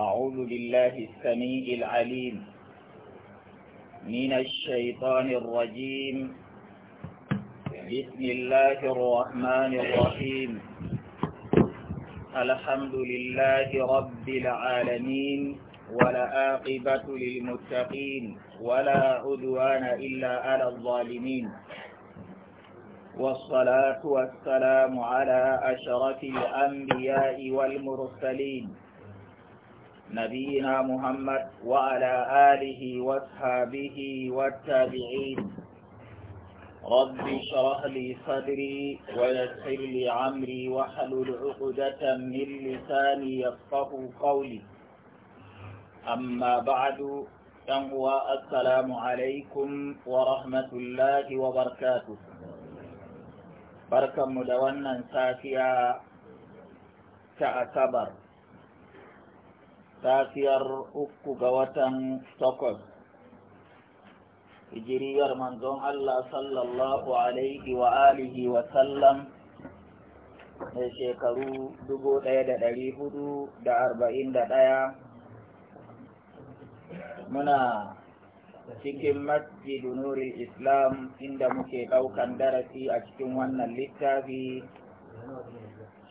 أعوذ بالله السميع العليم من الشيطان الرجيم بسم الله الرحمن الرحيم الحمد لله رب العالمين ولا آقبة للمتقين ولا عدوان إلا على الظالمين والصلاة والسلام على أشرف الأنبياء والمرسلين نبينا محمد وعلى آله واصحابه والتابعين رب اشرح لي صدري ويسر لي عمري واحلل عقدة من لساني يفقه قولي أما بعد فهو السلام عليكم ورحمة الله وبركاته بركة مدونا ساتيا كأكبر safiyar uku ga watan takwas hijiriyar manzon Allah sallallahu alaihi wa alihi wa sallam mai shekaru dubu ɗaya da ɗari hudu da arba'in da ɗaya muna cikin masjid nurul islam inda muke ɗaukan darasi a cikin wannan littafi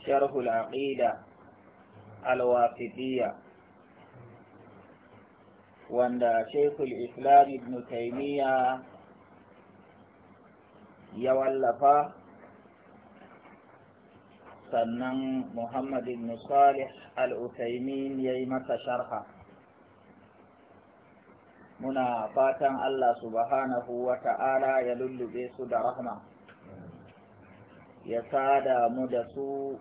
sharhul aqida al-wafidiyya wanda shekul islam ibn taimiyya ya wallafa sannan muhammad ibn salih al-utaimin ya yi masa sharha muna fatan allah subhanahu wa ta'ala ya lullube su da rahma ya sada mu da su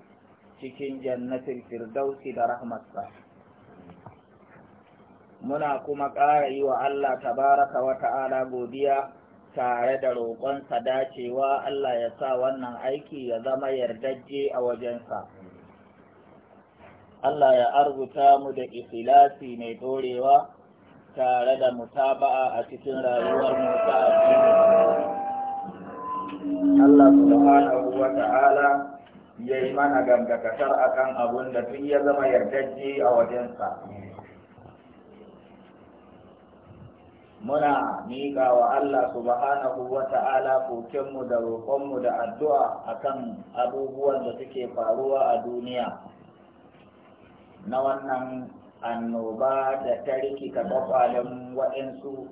cikin jannatin firdausi da rahmatsa muna kuma ƙara yi wa Allah tabaraka wa ta'ala godiya tare da roƙonsa dacewa Allah ya sa wannan aiki ya zama yardajje a wajensa. Allah ya arzuta mu da ikhlasi mai dorewa tare da mutaba'a a cikin rayuwar mu ta Allah subhanahu wa ta'ala ya yi mana gangakatar akan abun da tun ya zama yardajje a wajensa. muna miƙa wa Allah subhanahu wa ta'ala kokenmu da roƙonmu da addu'a akan abubuwan da suke faruwa a duniya na wannan annoba da ta rikita kwakwalen waɗansu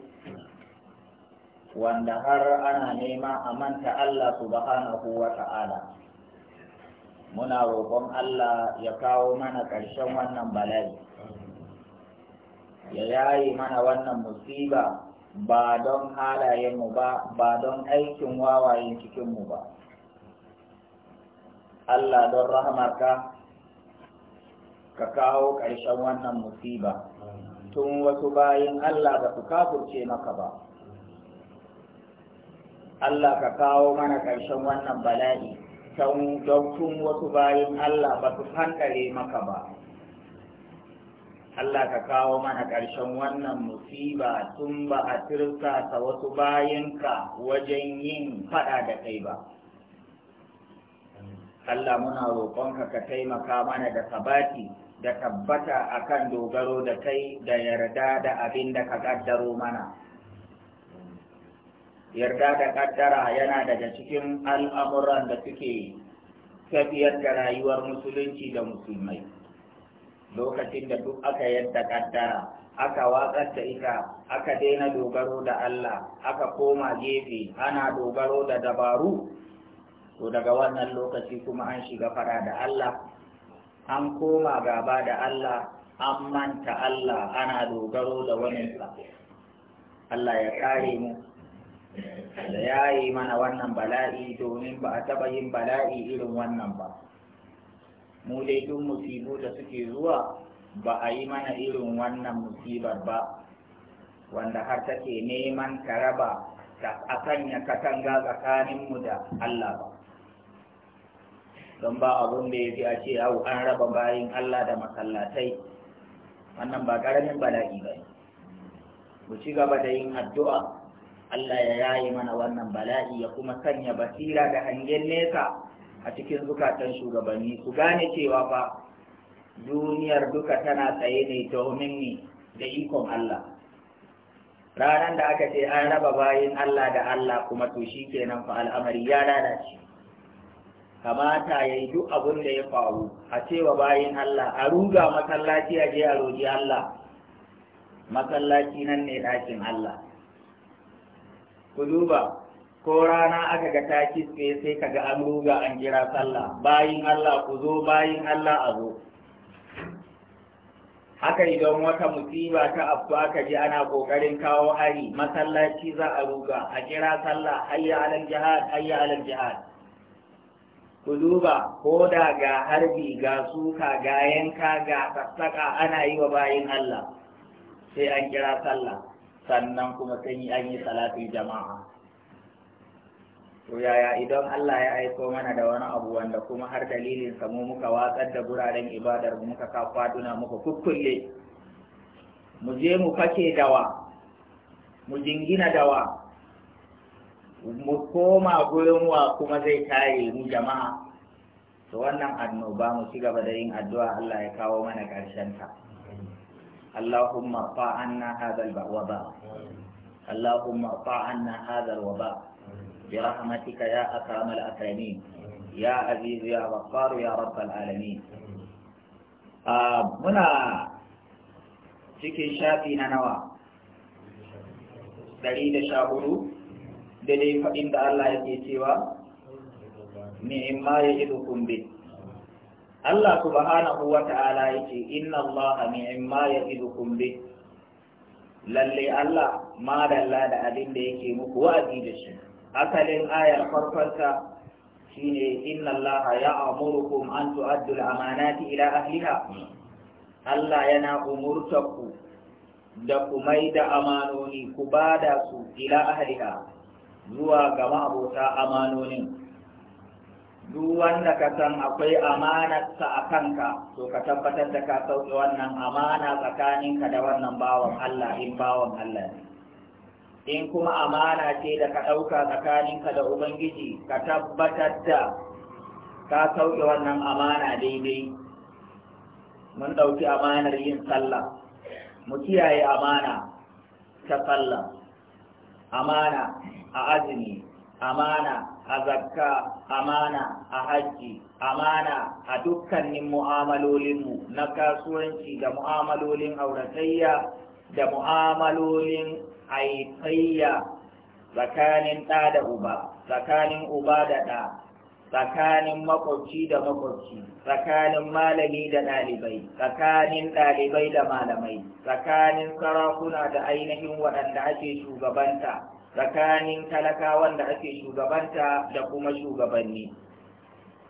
wanda har ana nema a manta Allah subhanahu wa ta'ala muna roƙon Allah ya kawo mana ƙarshen wannan bala'i ya yayi mana wannan musiba ba don halayenmu ba ba don aikin wawayen cikinmu ba Allah don rahamarka ka kawo ƙarshen wannan musiba tun wasu bayan Allah ba su kafurce maka ba Allah ka kawo mana ƙarshen wannan bala'i don tun wasu bayan Allah ba su hankare maka ba Allah ka kawo mana ƙarshen wannan musiba tun ba a tirsa ta wasu bayanka wajen yin faɗa da kai ba. Allah muna roƙonka ka taimaka mana da sabati da tabbata akan dogaro da kai da yarda da abin da ka ƙaddaro mana. Yarda da ƙaddara yana daga cikin al'amuran da suke tafiyar da rayuwar musulunci da musulmai. lokacin da duk aka yadda kaddara aka watsar da ita aka daina dogaro da Allah aka koma gefe ana dogaro da dabaru to daga wannan lokaci kuma an shiga fara da Allah an koma gaba da Allah an manta Allah ana dogaro da wani Allah ya kare mu da yayi mana wannan bala'i domin ba a taɓa yin bala'i irin wannan ba mu dai duk musibu da suke zuwa ba a yi mana irin wannan musibar ba wanda har take neman ta raba a sanya katanga tsakaninmu da Allah ba don ba abun da ya fi a ce au an raba bayin Allah da masallatai wannan ba ƙaramin bala'i ba mu ci gaba da yin addu'a Allah ya yayi mana wannan bala'i ya kuma sanya basira da hangen nesa a cikin zukatan shugabanni ku gane cewa fa duniyar duka tana tsaye ne domin ni da ikon Allah ranar da aka ce an raba bayin Allah da Allah kuma to shi kenan fa al'amari ya lalace kamata ya yi duk abin da ya faru a cewa bayin Allah a ruga masallaci a je a roji Allah masallaci nan ne ɗakin Allah ku duba ko rana aka ga taki kitse sai ka ga an ruga an kira sallah bayin Allah ku zo bayin Allah a zo haka idan wata musiba ta abu aka ji ana kokarin kawo hari masallaci za a ruga a kira sallah hayya alal jihad hayya alal jihad ku duba ko da ga harbi ga suka ga yanka ga sassaka ana yi wa bayin Allah sai an kira sallah sannan kuma sai an yi salatin jama'a to yaya idan Allah ya aiko mana da wani abu wanda kuma har dalilin mu muka watsar da guraren ibadar mu muka ka faduna muka kukkulle mu je mu fake dawa mu jingina dawa mu koma gurin wa kuma zai tare mu jama'a to wannan annoba mu ci gaba da yin addu'a Allah ya kawo mana karshen ta Allahumma fa'anna hadha al-waba Allahumma fa'anna hadha al-waba برحمتك يا أكرم الأكرمين يا عزيز يا غفار يا رب العالمين muna cikin shafi na nawa ɗari da sha hudu da dai faɗin da Allah yake cewa ni'imma ya idu kumbe Allah subhanahu wa ta'ala yake inna Allah ni'imma ya idu kumbe lalle Allah ma madalla da abin da yake muku wa'azi da shi asalin ayar farkonta shine inna allaha ya'murukum an tu'addu al-amanati ila ahliha Allah yana umurtaku da ku mai da amanoni ku bada su ila ahliha zuwa ga mabota amanonin duk wanda ka san akwai amanarsa a kanka to ka tabbatar da ka sauke wannan amana tsakaninka da wannan bawan Allah in bawan Allah ne in kuma amana ce da ka ɗauka tsakaninka da ubangiji ka tabbatar da ka sauke wannan amana daidai mun ɗauki amanar yin sallah mu kiyaye amana ta sallah amana a azumi amana a zakka amana a hajji amana a dukkanin mu'amalolinmu na kasuwanci da mu'amalolin auratayya da mu'amalolin a tsakanin ɗa da uba tsakanin uba da ɗa tsakanin makwabci da makwabci tsakanin malami da ɗalibai tsakanin ɗalibai da malamai tsakanin sarakuna da ainihin waɗanda ake shugabanta tsakanin talakawan da ake shugabanta da kuma shugabanni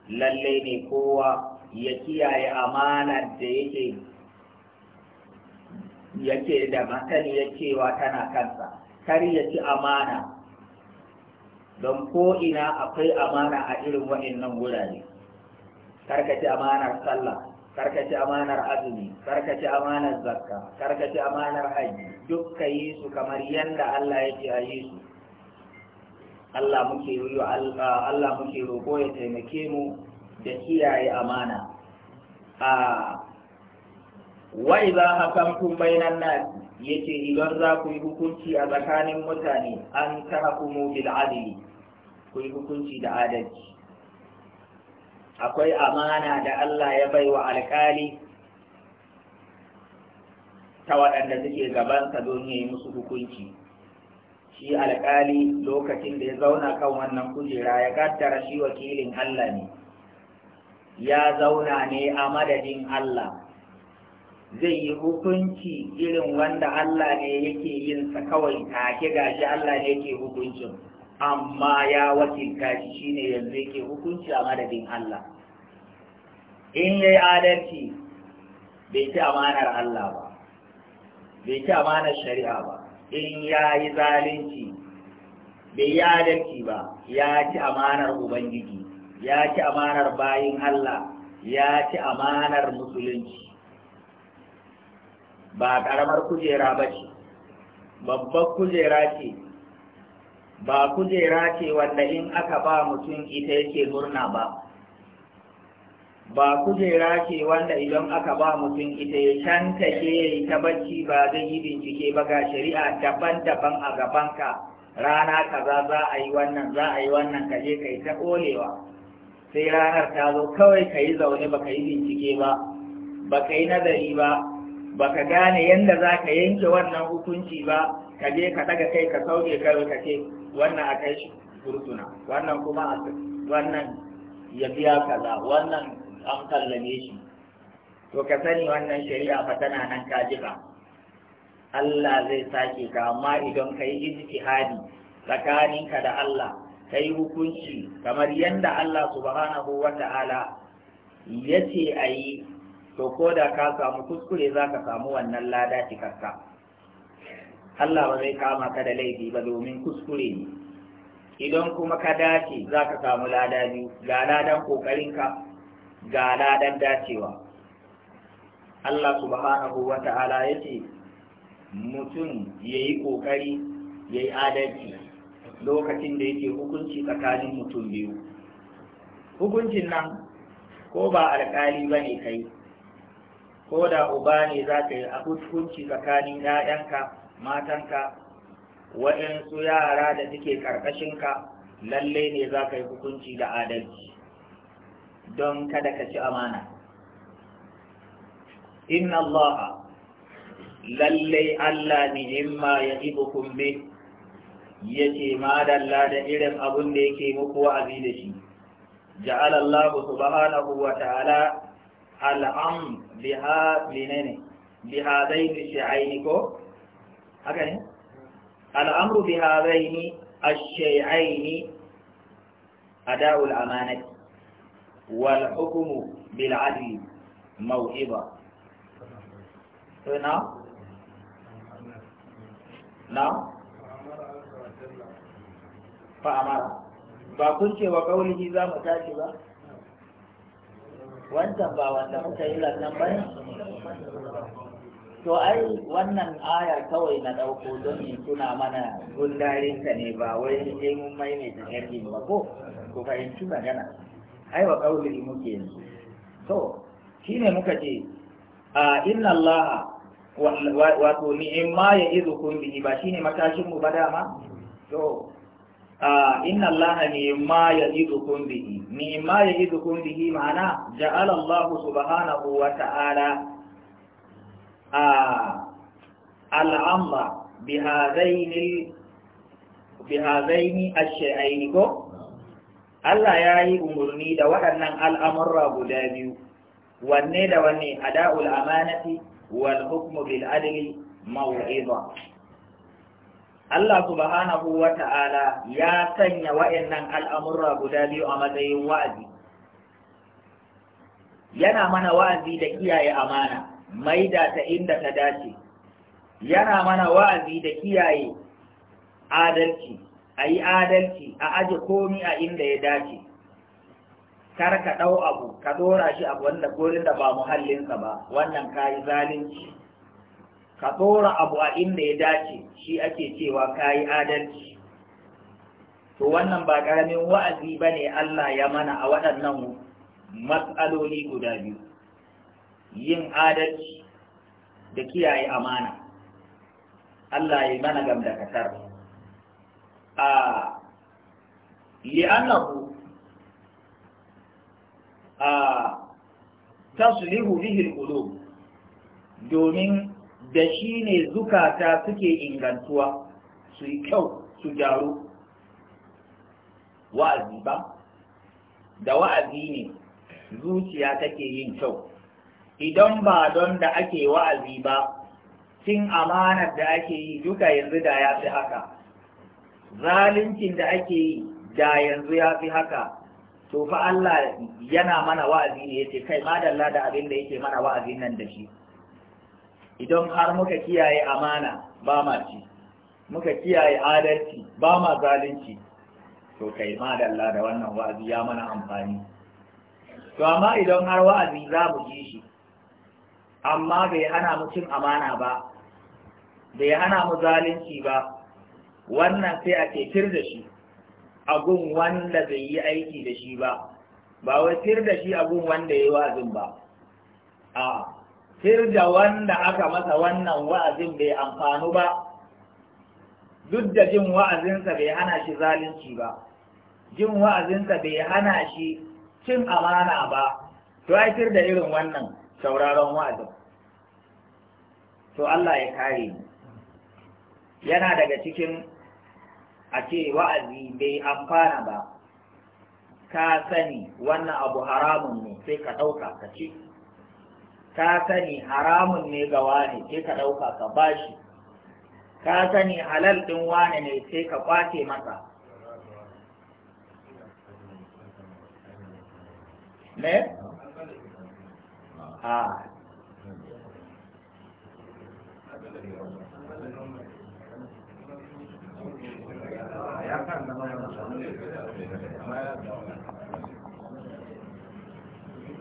lallai ne kowa ya kiyaye amanar da yake yake da masaniya cewa tana kansa kar ya ci amana don ko ina akwai amana a irin waɗannan wurare karkace amanar sallah karkaci amanar azumi karkaci amanar zakka karkaci amanar haji duk ka yi su kamar yadda Allah ya ce a yi su Allah muke yi Allah muke roƙo ya taimake mu da kiyaye amana a wa idza hakamtum bainan ya ce idan za ku yi hukunci a tsakanin mutane an tahkumu bil adli ku yi hukunci da adalci akwai amana da Allah ya bai wa alƙali ta waɗanda suke gabansa don ya yi musu hukunci shi alƙali lokacin da ya zauna kan wannan kujera ya kaddara shi wakilin Allah ne ya zauna ne a madadin Allah zai yi hukunci irin wanda Allah ne yake yin sa kawai ke gashi Allah ne yake hukuncin amma ya wakilta shi shine yanzu yake hukunci a madadin Allah in yayi adalci bai ci amanar Allah ba bai ci amanar shari'a ba in yayi zalunci bai yi adalci ba ya ci amanar ubangiji ya ci amanar bayin Allah ya ci amanar musulunci ba karamar kujera ba ce babbar kujera ce ba kujera ce wanda in aka ba mutum ita yake murna ba ba kujera ce wanda idan aka ba mutum ita ya canta ke ya yi ta bacci ba zai yi bincike ba ga shari'a daban-daban a gabanka rana kaza za a yi wannan za a yi wannan ka je ka yi ta ƙolewa sai ranar ta zo kawai ka yi zaune ba ka yi bincike ba ba ka yi nazari ba ba ka gane yadda za ka yanke wannan hukunci ba ka je ka daga kai ka sauke kai ka ce wannan a kai shi burtuna wannan kuma a wannan ya biya kaza wannan an kallame shi to ka sani wannan shari'a fa tana nan ka ji ba Allah zai sake ka amma idan ka yi ijtihadi tsakaninka da Allah ka yi hukunci kamar yadda Allah subhanahu wa ta'ala ya ce a yi to ko da ka samu kuskure za ka samu wannan lada cikakka Allah ba zai kama ka da laifi ba domin kuskure ne idan kuma ka dace za ka samu lada biyu ga ladan ƙoƙarinka ga ladan dacewa Allah subhanahu wa ta'ala ya ce mutum ya yi ƙoƙari ya yi adalci lokacin da yake hukunci tsakanin mutum biyu hukuncin nan ko ba alƙali ba ne kai ko da uba ne za ka yi a hukunci tsakanin ‘ya'yanka matanka waɗansu yara da suke ƙarƙashinka lalle ne za ka yi hukunci da adalci don kada ka ci amana inna allaha lalle allah himma ya ibukum bih yace madalla da irin abun da yake muku wa'azi da shi ja'ala allah subhanahu wa ta'ala al'am biha menene biha zai ni shi'aini ko haka ne al'amru biha zai ni a shi'aini a da'ul amanati wal hukumu bil adli mau'iba na na fa'amara ba kun ce wa kaulihi za mu tashi ba wancan ba wanda muka yi lannan ba ne to ai wannan aya kawai na ɗauko don in tuna mana gundarinta ne ba wai sai mun ta jirgin ba ko ko fahimci magana ai wa kauli muke yanzu to shine muka ce a inna allaha wato ma ya izu kun bihi ba shine matashin mu ba dama to inna allaha mimma ya'idukum bihi mimma ya'idukum bihi ma'ana ja'ala Allah subhanahu wa ta'ala al'amma bi hadaini ash ko Allah yayi umurni da waɗannan al'amurra guda biyu wanne da wanne ada'ul amanati wal hukmu bil adli maw'idha Allah subhanahu wa ta'ala ya sanya wa'yannan al'amurra guda biyu a matsayin wa'azi. Yana mana wa'azi da kiyaye amana, maida ta inda ta dace, yana mana wa'azi da kiyaye adalci, a yi adalci, a aji komi a inda ya dace. Kar ka ɗau abu, ka ɗora shi abu wanda gurin da ba muhallinsa ba, wannan ka yi zalunci. ka ɗora abu a inda ya dace shi ake cewa ka yi adalci to wannan ba ƙaramin wa'azi ba ne Allah ya mana a waɗannan matsaloli guda biyu yin adalci da kiyaye amana Allah ya mana gam da gamdakatar a li'annahu a taslihu bihi al domin da shi ne zukata suke ingantuwa su yi kyau su gyaru wa'azi ba da wa'azi ne zuciya take yin kyau idan ba don da ake wa'azi ba cin amanar da ake yi duka yanzu da ya fi haka Zalincin da ake yi da yanzu ya fi haka to fa Allah yana mana wa'azi ne ya ce kai madalla da abin da yake mana wa'azi nan da shi idan har muka kiyaye amana ba ma ci muka kiyaye adalci ba ma zalunci to kai ma dalla da wannan wa'azi ya mana amfani to amma idan har wa'azi za mu ji shi amma bai hana mu cin amana ba bai hana mu zalunci ba wannan sai a kir da shi a gun wanda bai yi aiki da shi ba ba wai tir da shi a gun wanda ya yi wa'azin ba a da wanda aka masa wannan wa'azin bai amfanu ba duk da jin wa'azinsa bai hana shi zalunci ba jin wa'azinsa bai hana shi cin amana ba to aikir da irin wannan sauraron wa'azin to Allah ya kare ni. yana daga cikin a ce wa'azi bai amfana ba ka sani wannan abu haramun ne sai ka ɗauka ka ci ka sani haramun ne ga wane sai ka ɗauka ka bashi ka sani halal ɗin wane ne sai ka kwace masa ne? a ya kan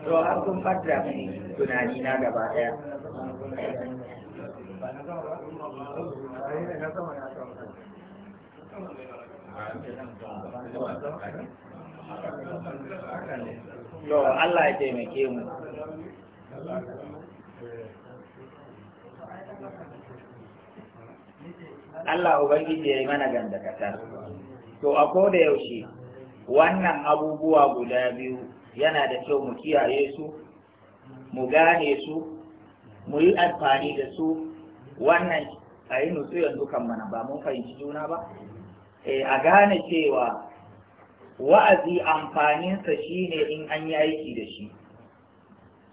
to har kun fadda tunani na gaba daya To Allah ya taimake mu. Allah Ubangiji ya yi mana gandakatar. To, a koda yaushe, wannan abubuwa guda biyu yana da kyau mu kiyaye su mu gane su mu yi amfani da su wannan a yi nutsu yanzu kan mana ba mun fahimci juna ba eh, a gane cewa wa'azi amfaninsa shine in an yi aiki da shi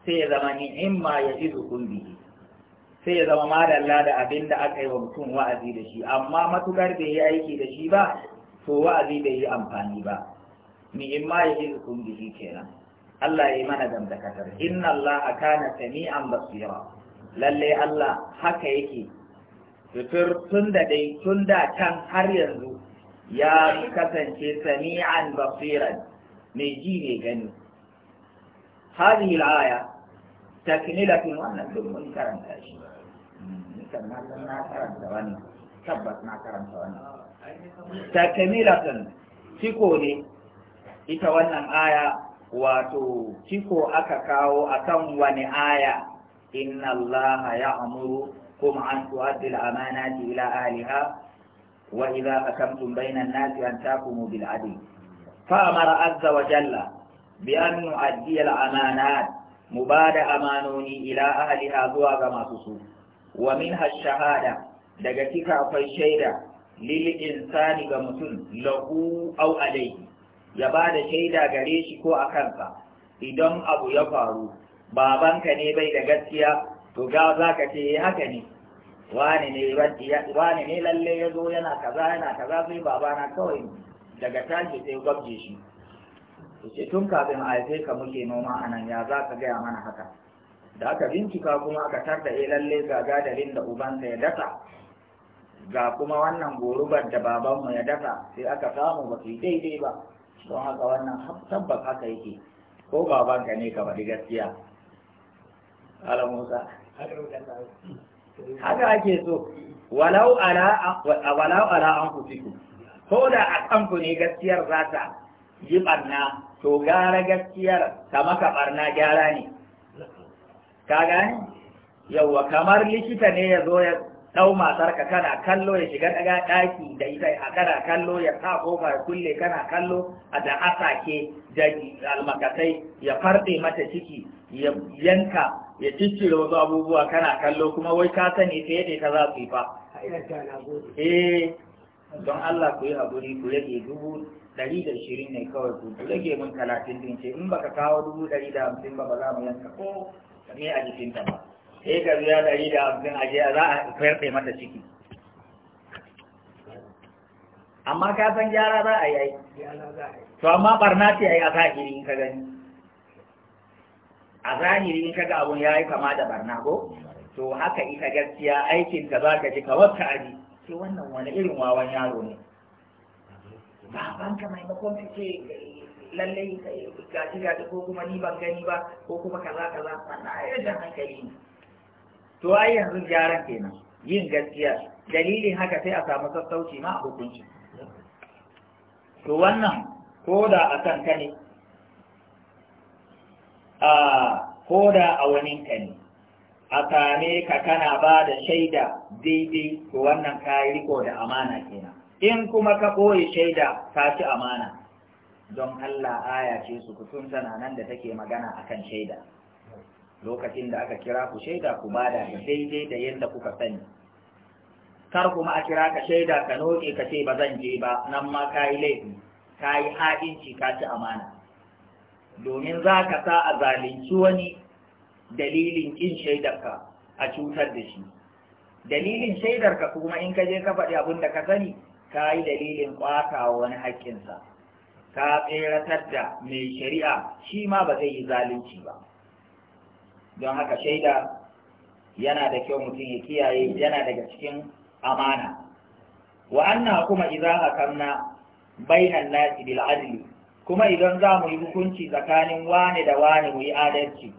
sai ya zama ni'imma ya ji zukun bihi sai ya zama madalla da abin da aka yi wa mutum wa'azi da shi amma matukar bai yi aiki da shi ba to wa'azi bai yi amfani ba mi yi ma yahidukum bihi kenan Allah ya yi mana gamdakatar inna Allah kana sami'an basira lalle Allah haka yake fitir tun da dai tun da can har yanzu ya kasance sami'an basira mai ji ne gani hadhihi al-aya takmilatun wannan duk mun karanta shi hmm, kan na san na karanta wannan tabbas na karanta wannan takmilatun ciko ne ita wannan aya wato ciko aka kawo akan wani aya inna allaha ya'muru kuma an tu'addi al-amanati ila ahliha wa idza hakamtum bayna an-nasi an taqumu bil adl fa amara azza wa jalla bi an nu'addi al-amanat mubada amanoni ila ahliha zuwa ga masu su wa minha shahada daga cika akwai shaida lil insani ga mutum lahu aw alayhi ya ba da shaida gare shi ko a kansa idan abu ya faru babanka ne bai da gaskiya to ga za ka ce eh, haka ne wani ne lalle ya zo yana kaza yana kaza sai babana kawai daga tashi sai gwabje shi ce tun kafin a haife ka muke noma a nan ya za ka gaya mana haka da aka bincika kuma aka tarda ya eh, lalle ga gadalin da ubansa ya dasa ga kuma wannan gorubar da babanmu ya dasa sai aka samu ba su yi daidai ba don haka wannan tabbas haka yake ko babanka ne kamar gaskiya ala musa haka ake so walau ala an kusiku ko da a kanku ne gaskiyar za ta yi barna to gara gaskiyar ta maka barna gyara ne ka gani Yauwa kamar likita ne ya zo ya ɗau matarka kana kallo ya shiga daga ɗaki da ita a kana kallo ya sa kofa ya kulle kana kallo a da asake da almakasai ya farɗe mata ciki ya yanka ya ciccire wasu abubuwa kana kallo kuma wai ka sani sai yadda ka za su yi fa eh don Allah ku yi haƙuri ku rage dubu ɗari da ashirin ne kawai ku rage mun talatin din ce in baka kawo dubu ɗari da hamsin ba ba za mu yanka ko me a jikinta ba sai ka biya ɗari da hamsin a jiya za a farfe mata ciki amma ka san gyara za a yi to amma barna ce a yi a zahiri in ka gani a zahiri in ka ga abun ya yi kama da barna ko to haka ita gaskiya aikin ka za ka ji kawar ka aji sai wannan wani irin wawan yaro ne Ba babanka maimakon ka ce lallai gaji gaji ko kuma ni ban gani ba ko kuma kaza kaza wannan ayyukan hankali ne to ai yanzu gyaran kenan yin gaskiya dalilin haka sai a samu sassauci ma a hukunci to wannan ko da a kan ka ne a ko da a wani ka ne a same ka kana ba da shaida daidai to wannan ka yi riko da amana kenan in kuma ka koyi shaida ka ci amana don Allah aya ce su kusur tana nan da take magana akan shaida lokacin da aka kira ku shaida ku bada da daidai da yadda kuka sani kar kuma a kira ka shaida ka noke ka ce ba zan je ba nan ma ka yi laifi ka yi haɗinci, ka ci amana domin za ka sa a zalunci wani dalilin kin shaidarka a cutar da shi dalilin shaidarka kuma in ka je ka faɗi abin da ka sani ka yi dalilin ƙwata wani haƙƙinsa ka tseratar da mai shari'a shi ma ba zai yi zalunci ba don haka shaida yana da kyau mutum ya kiyaye yana daga cikin amana wa anna kuma idza hakamna bainan nas bil adli kuma idan za mu yi hukunci tsakanin wane da wane mu yi adalci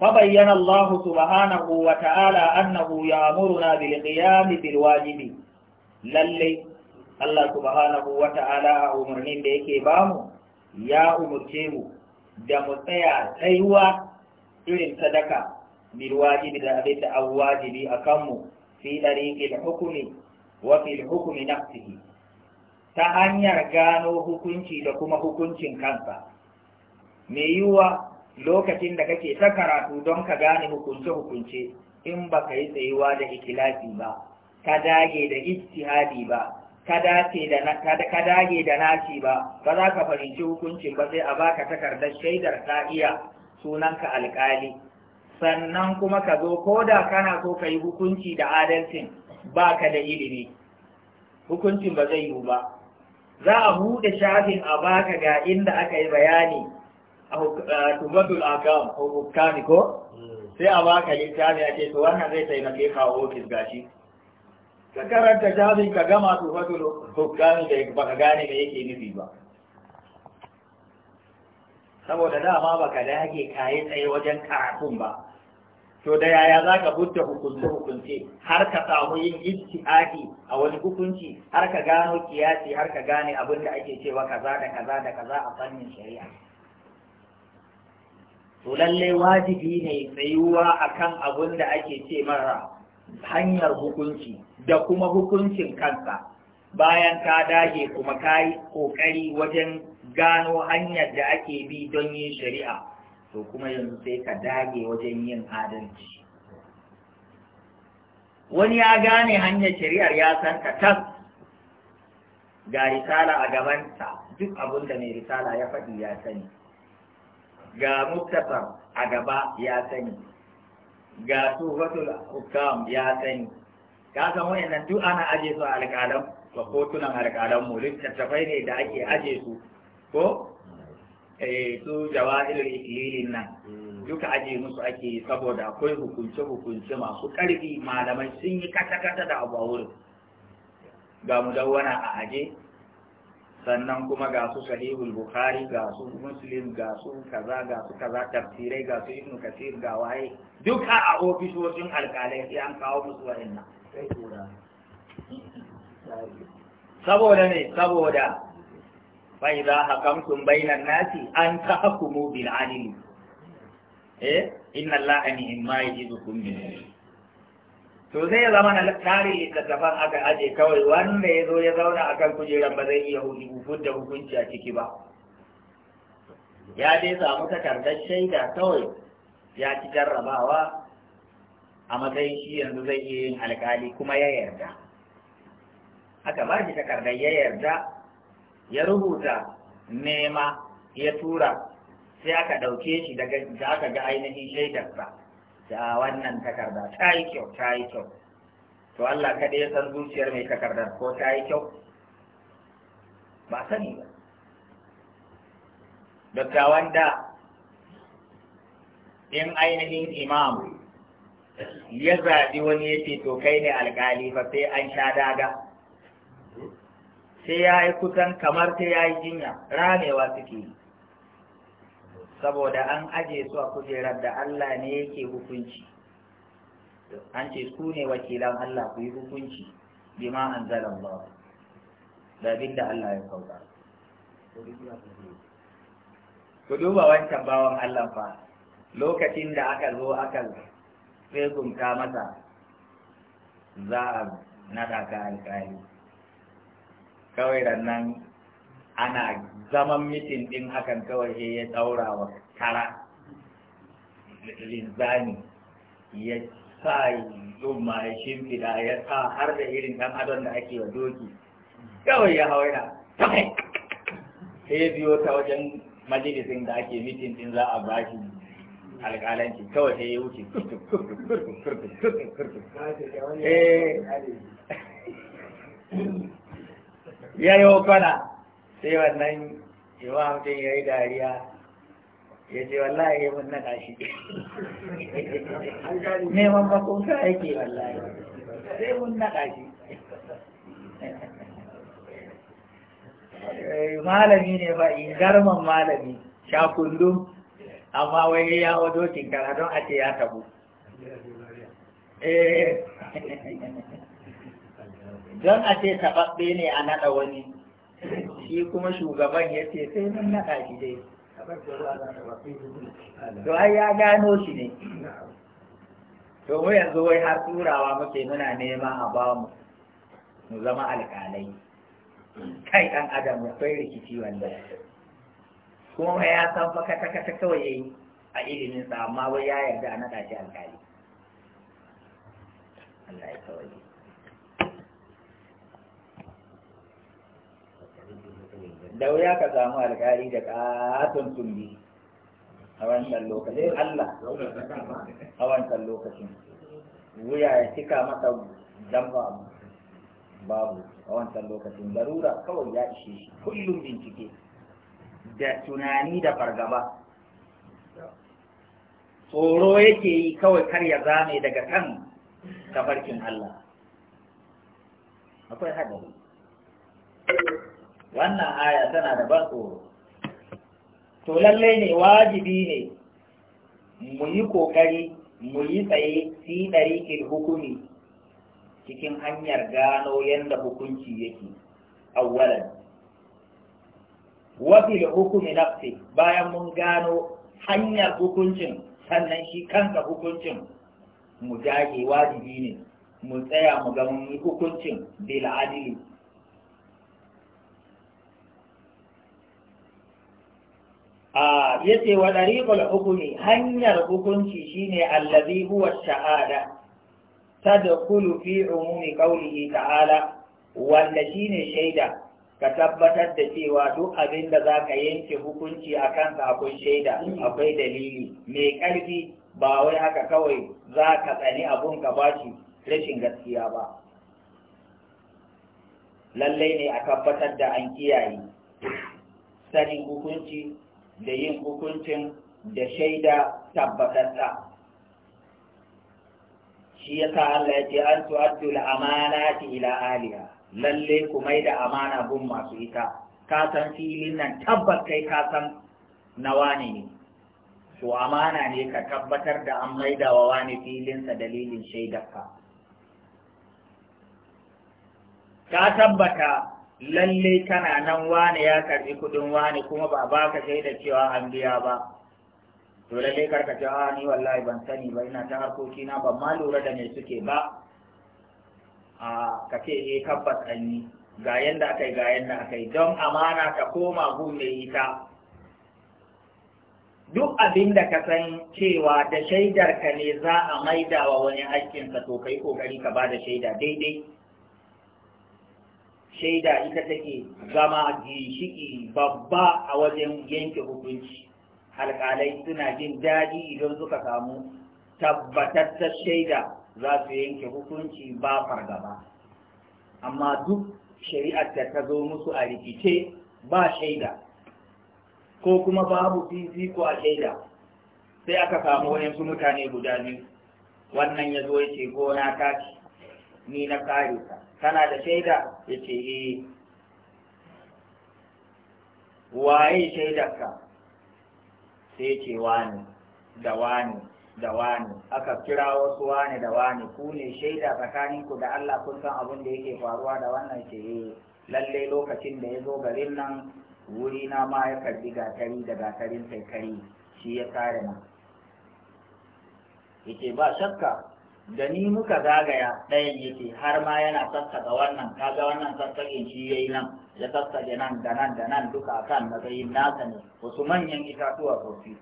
fa bayyana Allah subhanahu wa ta'ala annahu ya'muruna bil qiyam bil wajibi lalle Allah subhanahu wa ta'ala umurnin da yake bamu ya umurce mu da mu tsaya tsayuwa irin sadaka bil wajibi da abin da abu wajibi a kanmu fi ɗariƙil hukumi wa fil hukumi nafsihi ta hanyar gano hukunci da kuma hukuncin kansa me yiwuwa lokacin da kake ta karatu don ka gane hukunce-hukunce in ba ka yi tsayuwa da ikilasi ba ka dage da ijtihadi ba ka dace da na ka dage da naci ba ba za ka farinci hukuncin ba sai a baka takardar shaidar ta iya sunanka alƙali sannan kuma ka zo ko da kana so ka yi hukunci da adalcin ba ka da ilimi hukuncin ba zai yiwu ba za a buɗe shafin a baka ga inda aka yi bayani a tubatul akam ko hukami ko hmm. sai a baka littafi a ce to wannan zai taimake ka ofis gashi ka karanta Jami ka gama su fatul hukami da ka gane me yake nufi ba saboda dama baka dage kayi tsaye wajen karatun ba to da yaya za ka budda hukunce hukunce har ka samu yin ijtihadi a wani hukunci har ka gano kiyasi har ka gane abin da ake cewa kaza da kaza da kaza a fannin shari'a to lallai wajibi ne tsayuwa akan abin da ake ce mara hanyar hukunci da kuma hukuncin kansa bayan ka dage kuma ka yi ƙoƙari wajen gano hanyar da ake bi don yin shari'a to kuma yanzu sai ka dage wajen yin adalci wani ya gane hanyar shari'ar ya san ka tas ga risala a sa, duk abin da mai risala ya faɗi ya sani ga muktasar a gaba ya sani ga tufatul hukam ya sani ka san wayannan duk ana aje su a alƙalan ba kotunan alƙalan mu littattafai ne da ake aje su ko eh su jawahirul iklilin nan hmm. duka aje musu ake saboda akwai hukunce hukunce masu karfi, malaman sun yi kata kata da abu a wurin ga wani a aje sannan kuma ga su sahihul bukhari ga su muslim ga su kaza ga su kaza tafsirai ga su ibnu kasir ga waye duka a ofisoshin alkalai sai an kawo musu wa'annan saboda ne saboda fa idza hakamtum bainan nasi an tahkumu bil adli eh inna allaha imma yajidukum min to zai zama na tare littattafan aka aje kawai wanda ya zo ya zauna a kan kujerar ba zai iya hukun da hukunci a ciki ba ya dai samu takardar shaida kawai ya ci jarrabawa a matsayin shi yanzu zai iya yin alkali kuma ya yarda aka ba shi takardar ya yarda ya rubuta nema ya tura sai aka ɗauke shi daga aka ga ainihin shaidarsa da wannan takarda ta yi kyau ta yi kyau to Allah kaɗai ya san zuciyar mai takardar ko ta yi kyau ba sani ba dattawan da in ainihin imam ya zaɓi wani ya ce to kai ne alƙali fa sai an sha daga sai ya yi kusan kamar sai ya yi jinya ranewa suke yi saboda an aje su a kujerar da Allah ne yake hukunci an ce su ne wakilan Allah ku yi hukunci ma an zala ba da abin da Allah ya kauta ku duba wancan bawan Allah fa lokacin da aka zo aka tsegunta masa za a naɗa ka alƙali kawai nan ana zaman mitin din hakan kawai ya daura wa kara linzani ya sa yumma ya shimfida ya sa har da irin dan adon da ake wa doki kawai ya hau yana sai biyo ta wajen majalisin da ake mitin din za a bashi alƙalanci kawai sai ya wuce ya yi kwana sai wannan yawa mutum ya yi dariya ya ce wallahi ya mun naɗa shi neman ya ke wallahi sai mun naɗa shi eh, malami ne ba garman malami sha kundum amma wai ya wado tinkara don a ce ya tabu eh. don a ce taɓaɓɓe ne a naɗa wani shi kuma shugaban ya ce sai mun na shi dai to ai ya gano shi ne to mu yanzu wai har turawa muke muna nema a ba mu mu zama alƙalai kai ɗan adam ya kai rikici wanda kuma ya san fa kata kata kawai yayi a ilimin sa amma wai ya yarda a naɗa shi alƙali Allah ya kawai da wuya ka samu alƙali da katon tumbi a wancan lokacin Allah a wancan lokacin wuya ya cika masa damba babu a wancan lokacin darura kawai ya ishe shi kullum bincike da tunani da fargaba tsoro yake yi kawai kar ya zame daga kan tafarkin Allah akwai hadari wannan aya tana da ban tsoro to lallai ne wajibi ne mu yi ƙoƙari mu yi tsaye fi ɗariƙin hukumi cikin hanyar gano yadda hukunci yake awwalan wafil hukumi nafsi bayan mun gano hanyar hukuncin sannan shi kansa hukuncin mu jage wajibi ne mu tsaya mu ga mun yi hukuncin bil adili ya yace wa dariqul hukumi hanyar hukunci shine allazi huwa da kulu fi umumi qawlihi ta'ala wanda shine shaida ka tabbatar da cewa duk abin da za ka yanke hukunci a kansa akwai shaida akwai dalili mai ƙarfi ba wai haka kawai za ka tsani abun ka shi rashin gaskiya ba lallai ne a tabbatar da an kiyaye sanin hukunci da yin hukuncin da shaida tabbatarsa shi ya sa Allah ya ce an tu'addu al-amanati ila aliha lalle ku mai da amana gun masu ita ka san filin nan tabbas kai ka san na wane ne to amana ne ka tabbatar da an mai da wa wani filinsa dalilin shaidarka ka tabbata lalle kana nan wane ya karbi kudin wane kuma ba ba ka shaida cewa an biya ba to lalle karka ce a ah, ni wallahi ban sani ba ina ta harkoki na ban ma lura da me suke ba a ka ce eh tabbas an yi ga yanda aka yi ga yanda aka yi don amana ka koma gun mai ita duk abin da ka san cewa da shaidar ka ne za a maida wa wani haƙƙinsa to kai kokari ka bada shaida daidai shaida ita take zama ginshiki babba a wajen yanke hukunci alƙalai suna jin daɗi idan suka samu tabbatattar shaida za su yanke hukunci ba fargaba amma duk shari'ar da ta zo musu a rikice ba shaida ko kuma babu ko a shaida sai aka samu wani mutane guda biyu wannan ya zo ya ce gona ta ce ni na kare ka kana da shaida yace eh waye shaidarka sai ce wani da wani da wani aka kira wasu wani da wani ku ne shaida tsakaninku da Allah kun san abin da yake faruwa da wannan ce eh. Lallai lokacin da ya zo garin nan wuri na ma ya karbi gatari da gatarin sai kari shi ya kare na Yake ba shakka da ni muka zagaya ɗayan yake har ma yana sassaka wannan kaga wannan sassakin shi ya yi nan ya sassake nan da nan da nan duka a kan matsayin nasa ne wasu manyan itatuwa sosai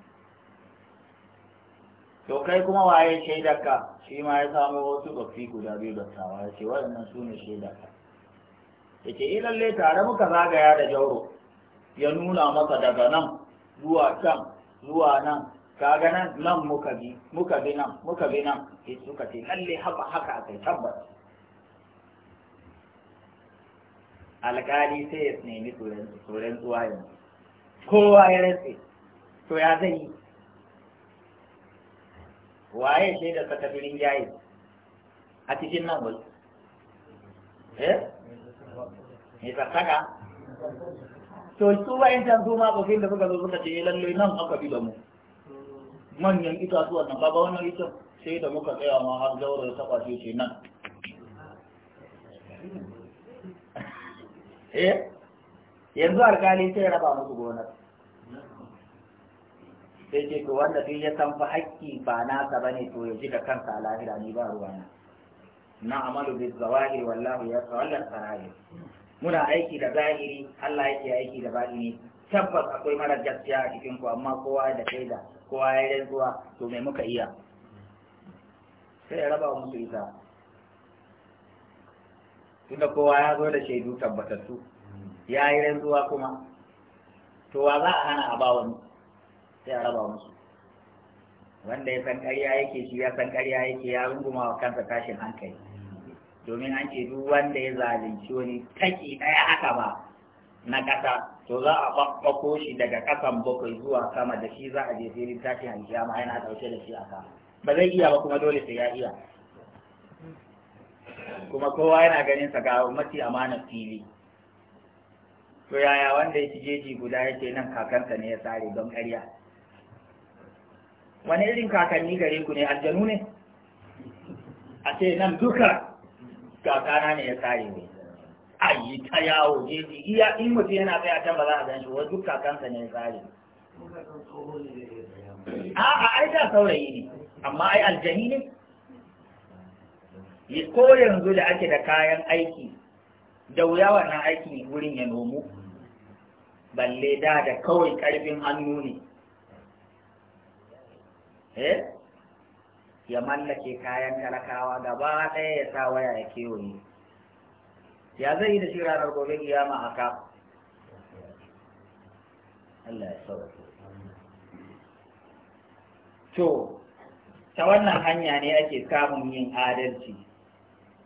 to kai kuma waye shaidarka shi ma ya samo wasu tsoffi guda biyu da sawa ya ce waɗannan su ne shaidarka ya ce ilalle eh, tare muka zagaya da jauro ya nuna masa daga nan zuwa can zuwa nan kaga nan nan muka bi muka bi nan muka bi nan sai suka ce lalle haka haka a kai tabbas alƙali sai ya nemi tsoron tsuwa yanzu kowa ya rantse to ya zai yi waye shaida ta tafi yayi a cikin nan wai eh me tsaka to su yin can su ma bakin da suka zo suka ce eh, lallai nan aka bi da mu manyan itatuwan nan ba wannan ita sai da muka tsaya ma har zaura ya taba shi ce nan eh yanzu alkali sai raba musu gonar sai ce to wanda duk ya san fa haƙƙi ba nasa bane to ya ji da kansa a lahira ni ba ruwa na amalu bi zawahir wallahu ya tawalla sarari muna aiki da zahiri Allah yake aiki da batini tabbas akwai marar gaskiya a cikin ku amma kowa da da kowa ya zuwa to me muka iya sai ya raba musu ita tunda kowa ya zo da shaidu tabbatattu ya yi zuwa kuma to wa za a hana a ba wani sai a raba musu wanda ya san ƙarya yake shi ya san ƙarya yake ya runguma wa kansa tashin hankali domin an ce duk wanda ya zalunci wani taki ɗaya haka ba na ƙasa to za a ba ɗaffako shi daga ƙasan bakwai zuwa sama da shi za a je filin tashi hankiya ma yana ɗauke da shi a sama ba zai iya ba kuma dole sai ya iya kuma kowa yana ganin sa ga mafi amana fili to yaya wanda ya ci jeji guda yake nan kakansa ne ya tsare don ƙarya wani irin kakanni gare ku ne aljanu ne a ce nan duka kakana ne ya tsare ne a yi ta yawo ne iya in mutu yana tsaya can ba za a gan shi wai duk kakansa ne tsari a'a ai ta saurayi ne amma ai aljani ne ko yanzu da ake da kayan aiki da wuya wannan aiki wurin ya nomu balle da da kawai karfin hannu ne eh? ya mallake kayan talakawa gaba ɗaya ya sa waya ya kewaye ya zai yi da shi ranar gobe kiyama haka Allah ya sauwa to ta wannan hanya ne ake samun yin adalci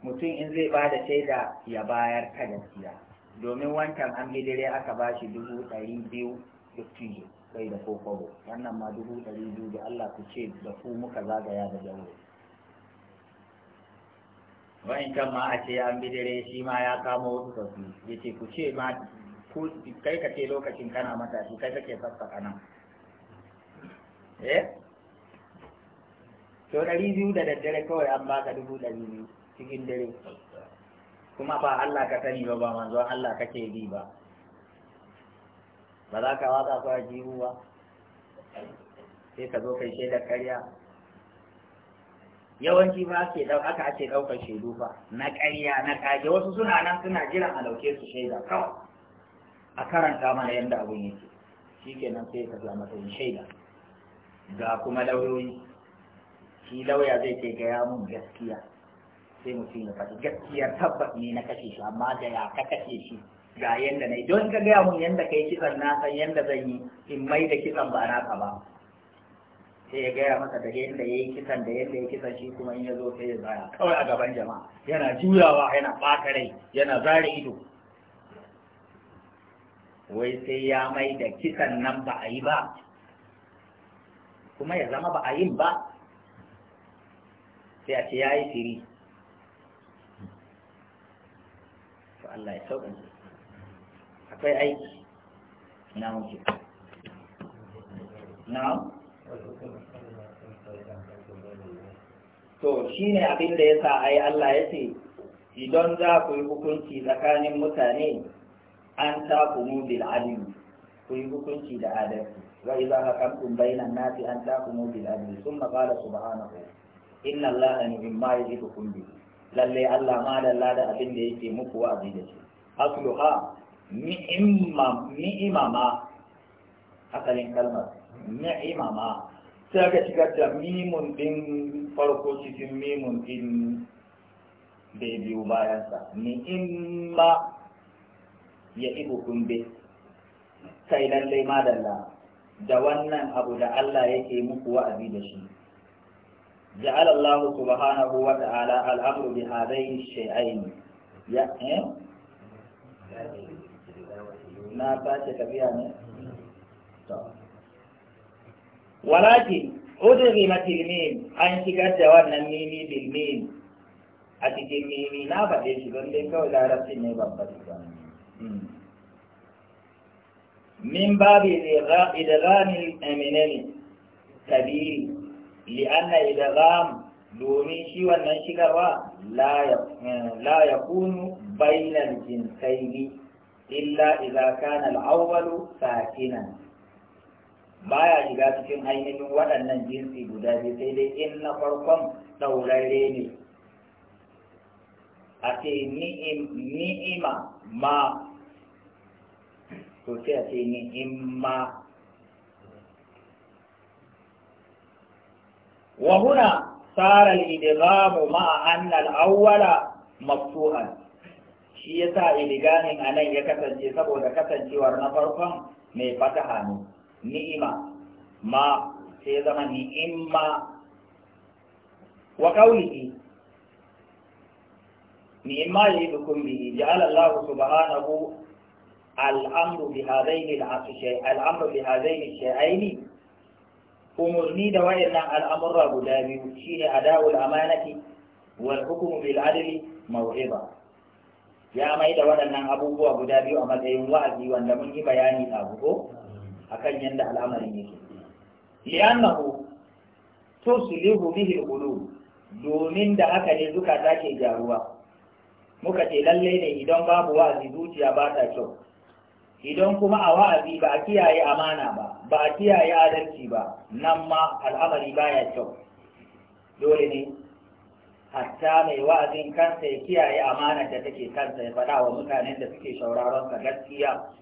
mutum in zai ba da shaida ya bayar ta gaskiya domin wancan an bidire aka ba shi dubu ɗari biyu duk bai da kokobo wannan ma dubu ɗari biyu da Allah ku ce da ku muka zagaya da jawo wani can ma a ce an bidire shi ma ya kama wasu sassu ya ce ku ce ma kai ka ce lokacin kana matashi kai kake sassaka nan eh to ɗari biyu da daddare kawai an baka dubu ɗari biyu cikin dare kuma ba Allah ka sani ba ba manzon Allah kake bi ba ba za ka watsa ko a jihu ba sai ka zo kai shaidar karya yawanci ba ake dau aka ake daukar shaidu fa na ƙarya na ƙage wasu suna nan suna jiran a dauke su shaida kawai a karanta mana yadda abun yake shikenan sai ka ga matsayin shaida ga kuma lauyoyi shi lauya zai ce gaya mun gaskiya sai mutum ya faɗi gaskiyar tabbas ne na kashe shi amma da ya ka kashe shi ga yadda na yi don ka gaya mun yadda kai kisan na san yadda zan yi in mai da kisan ba na ba sai ya gaya masa da yadda ya yi kisan da yadda ya kisan shi kuma in ya zo sai ya zaya. kawai a gaban jama'a yana juyawa yana ɓata rai yana zare ido wai sai ya mai da kisan nan ba a yi ba kuma ya zama ba a yin ba sai a ce ya yi firi to Allah ya sauƙin akwai aiki na muke na'am to shi ne abin da ya sa ai Allah ya ce idan za ku yi hukunci tsakanin mutane an ta ku mu bil adli ku yi hukunci da adalci wa idza hakamtum bainan nasi an ta ku mu bil adli thumma qala subhanahu inna allaha ni'ma yuhibbukum bihi lalle Allah ma dalla da abin da yake muku wa abin da shi asluha ni'imma ni'imama asalin kalmar ni'ima ma sai aka shiga da mimun din farko cikin mimun din da biyu bayansa ma ya ibu kumbe kai lallai madalla da wannan abu da Allah yake muku wa'azi da shi جعل الله سبحانه وتعالى الأمر بهذين الشيئين يا na ne? walakin udghimat al tilmin, an shigar da wannan mimi bil a cikin mimi na faɗe shi don dai kawai larabcin ne babba ba hmm. min babi idghamil aminani kabiri li'anna idgham domin shi wannan shigarwa la ya kunu bainal jinsaini illa idza kana al-awwalu sakinan baya shiga cikin ainihin waɗannan jinsi guda biyu sai dai in na farkon ɗaurare ne a ce ni'ima ma to sai a ce ni'ima wa huna sara al-idgham ma'a anna al-awwala maftuhan shi yasa a anan ya kasance saboda kasancewar na farkon mai fataha ne ni'ima ma sai zama ni'imma wa kaunihi ni'imma yayi bikum bihi ja'ala Allah subhanahu al'amru bi hadaini al'ashay al'amru bi hadaini shay'aini umurni da wayannan al'amurra guda biyu shine ada'ul amanati wal hukmu bil adli maw'iza ya mai da waɗannan abubuwa guda biyu a matsayin wa'azi wanda mun yi bayani a ko akan yadda al'amarin yake li'annahu tuslihu bihi al domin da haka ne zukata ke gyaruwa muka ce lallai ne idan babu wa'azi zuciya ba ta kyau idan kuma a wa'azi ba a kiyaye amana ba ba a kiyaye adalci ba nan ma al'amari baya kyau dole ne hatta mai wa'azin kansa ya kiyaye amana da take kansa ya faɗa wa mutanen da suke shauraron gaskiya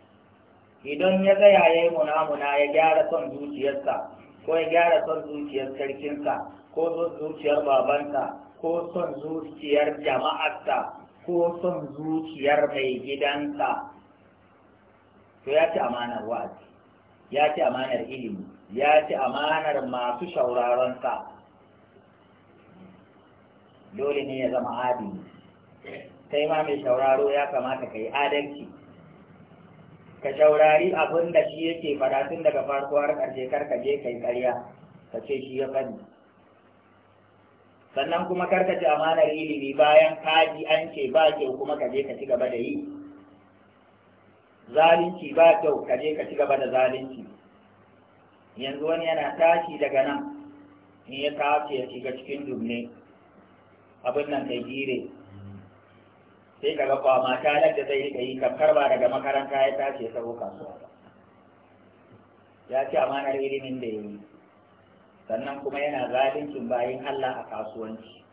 idan ya gaya ya yi munamuna ya gyara son zuciyarsa ko ya gyara son zuciyar sarkinsa ko son zuciyar babansa ko son zuciyar jama'arsa ko son zuciyar mai gidansa to ya ci amanar wa'azi ya ci amanar ilimi ya ci amanar masu shaurarensa dole ne ya zama adini sai ma mai shauraro ya kamata ka yi adalci ka shaurari abin da shi yake faratun daga farko har ƙarshe kar ka je kai ƙarya ka ce shi ya sani sannan kuma kar ka ci amanar ilimi bayan kaji an ce ba kyau kuma ka je ka ci gaba da yi zalunci ba kyau ka je ka ci gaba da zalunci yanzu wani yana tashi daga nan ne ya kawo ya shiga cikin dubne abin nan kai gire sai ka ga kwama nan da zai rika yi kafkar ba daga makaranta ya tashi ya sabo kasuwa ba ya ci amanar ilimin da ya yi sannan kuma yana zalincin bayan Allah a kasuwanci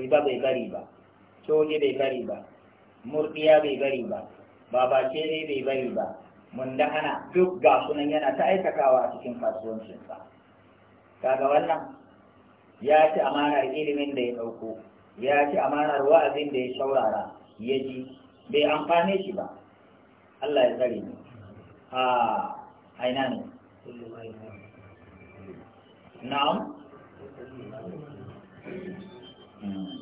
riba bai bari ba coge bai bari ba murdiya bai bari ba babace ne bai bari ba mun da ana duk ga sunan yana ta aikatawa a cikin kasuwancinsa kaga wannan ya ci amanar ilimin da ya ɗauko ya ci amanar wa'azin da ya shaurara ya ji bai amfane shi ba Allah ya tsare ne a aina ne na'am hmm,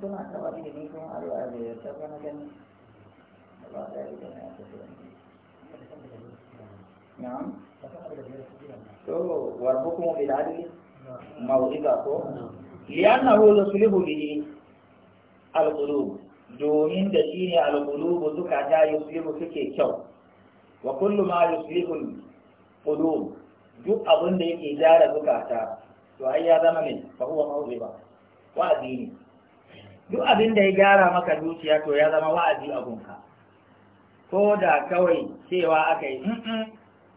Kuna taɓa da ne kuma Allah ya zai na gani gani ba da ya gani na gani. na'am to wal hukmu ko li'annahu yuslihu bihi al qulub domin da shi ne al qulub zukata yuslihu suke kyau wa kullu ma yi yuslihu al qulub duk abin da yake gyara zukata to ai ya zama ne fa huwa ba. wa'azi ne duk abinda ya gyara maka dukiya to ya zama wa'azi abunka ko da kawai cewa aka yi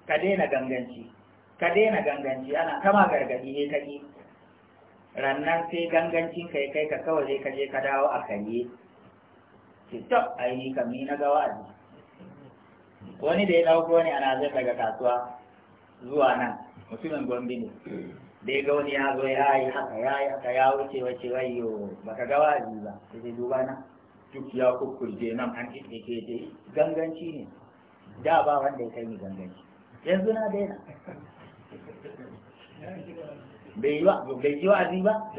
ka daina ganganci ka daina ganganci ana kama gargadi ne kaki rannan sai gangancin kai kai ka kawai zai kaje ka dawo a kare tiktok a kami na gawa a wani da ya dauko ne ana zai daga kasuwa zuwa nan mutumin gombe ne da ya ga wani ya zo ya yi haka ya yi haka ya wuce wace wayo baka ga wa'azi ba sai dai duba nan duk ya kukkurje nan an kike ganganci ne da ba wanda ya kai ni ganganci yanzu na daina bai yi wa'azi ba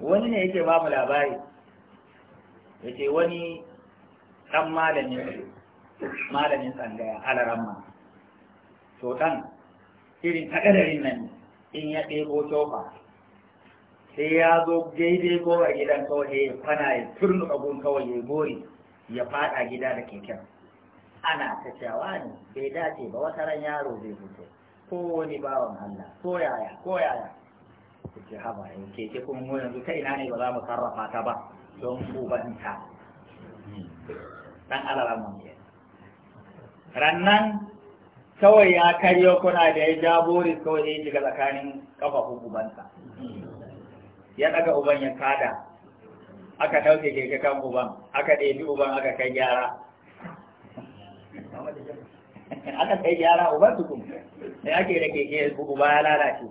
wani ne yake ba mu labari ce wani ɗan malamin malamin tsangaya alaramma to ɗan irin takadarin nan in ya ɗebo tofa sai ya zo daidai ko a gidan kawai ya kwana ya turnuka abun kawai ya gori ya faɗa gida da keken ana ta cewa ne bai dace ba wata ran yaro zai fito ko wani bawan Allah ko yaya ko yaya ce haba yau eh, keke kuma mu yanzu ta ina ne ba za mu sarrafa ta ba don ubanta dan alalan mun ke rannan kawai ya karyo kuna da ya ja boris kawai ya shiga tsakanin kafafun ubansa ya daga uban ya kada aka ɗauke keke kan uban aka ɗebi uban aka kai gyara aka kai gyara ubantukum sai ake da keke bugu ba ya lalace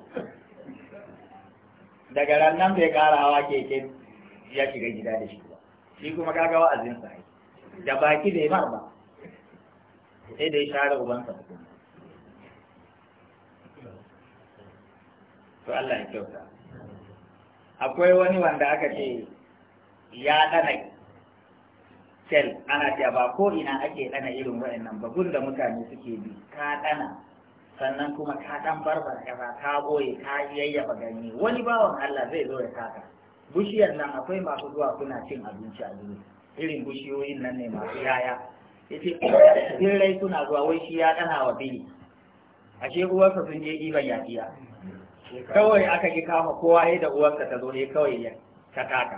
daga rannan bai karawa keke ya shiga gida da shi ba shi kuma kaga wa'azin sa da baki bai mar ba sai da ya share ubansa kuma to Allah ya kyauta akwai wani wanda aka ce ya ɗanai. shell ana cewa ba ko ina ake dana irin waɗannan ba da mutane suke bi ka dana sannan kuma ka dan barbar kasa. ka boye ka yayyafa ganye wani bawan Allah zai zo ya kaka bushiyar nan akwai masu zuwa suna cin abinci a duniya irin bushiyoyin nan ne masu yaya yace rai suna zuwa wai shi ya dana wa bili ashe uwarsa sun je ɗiban yafiya kawai aka ki kama kowa ya da uwarsa ta zo ne kawai ya ta taka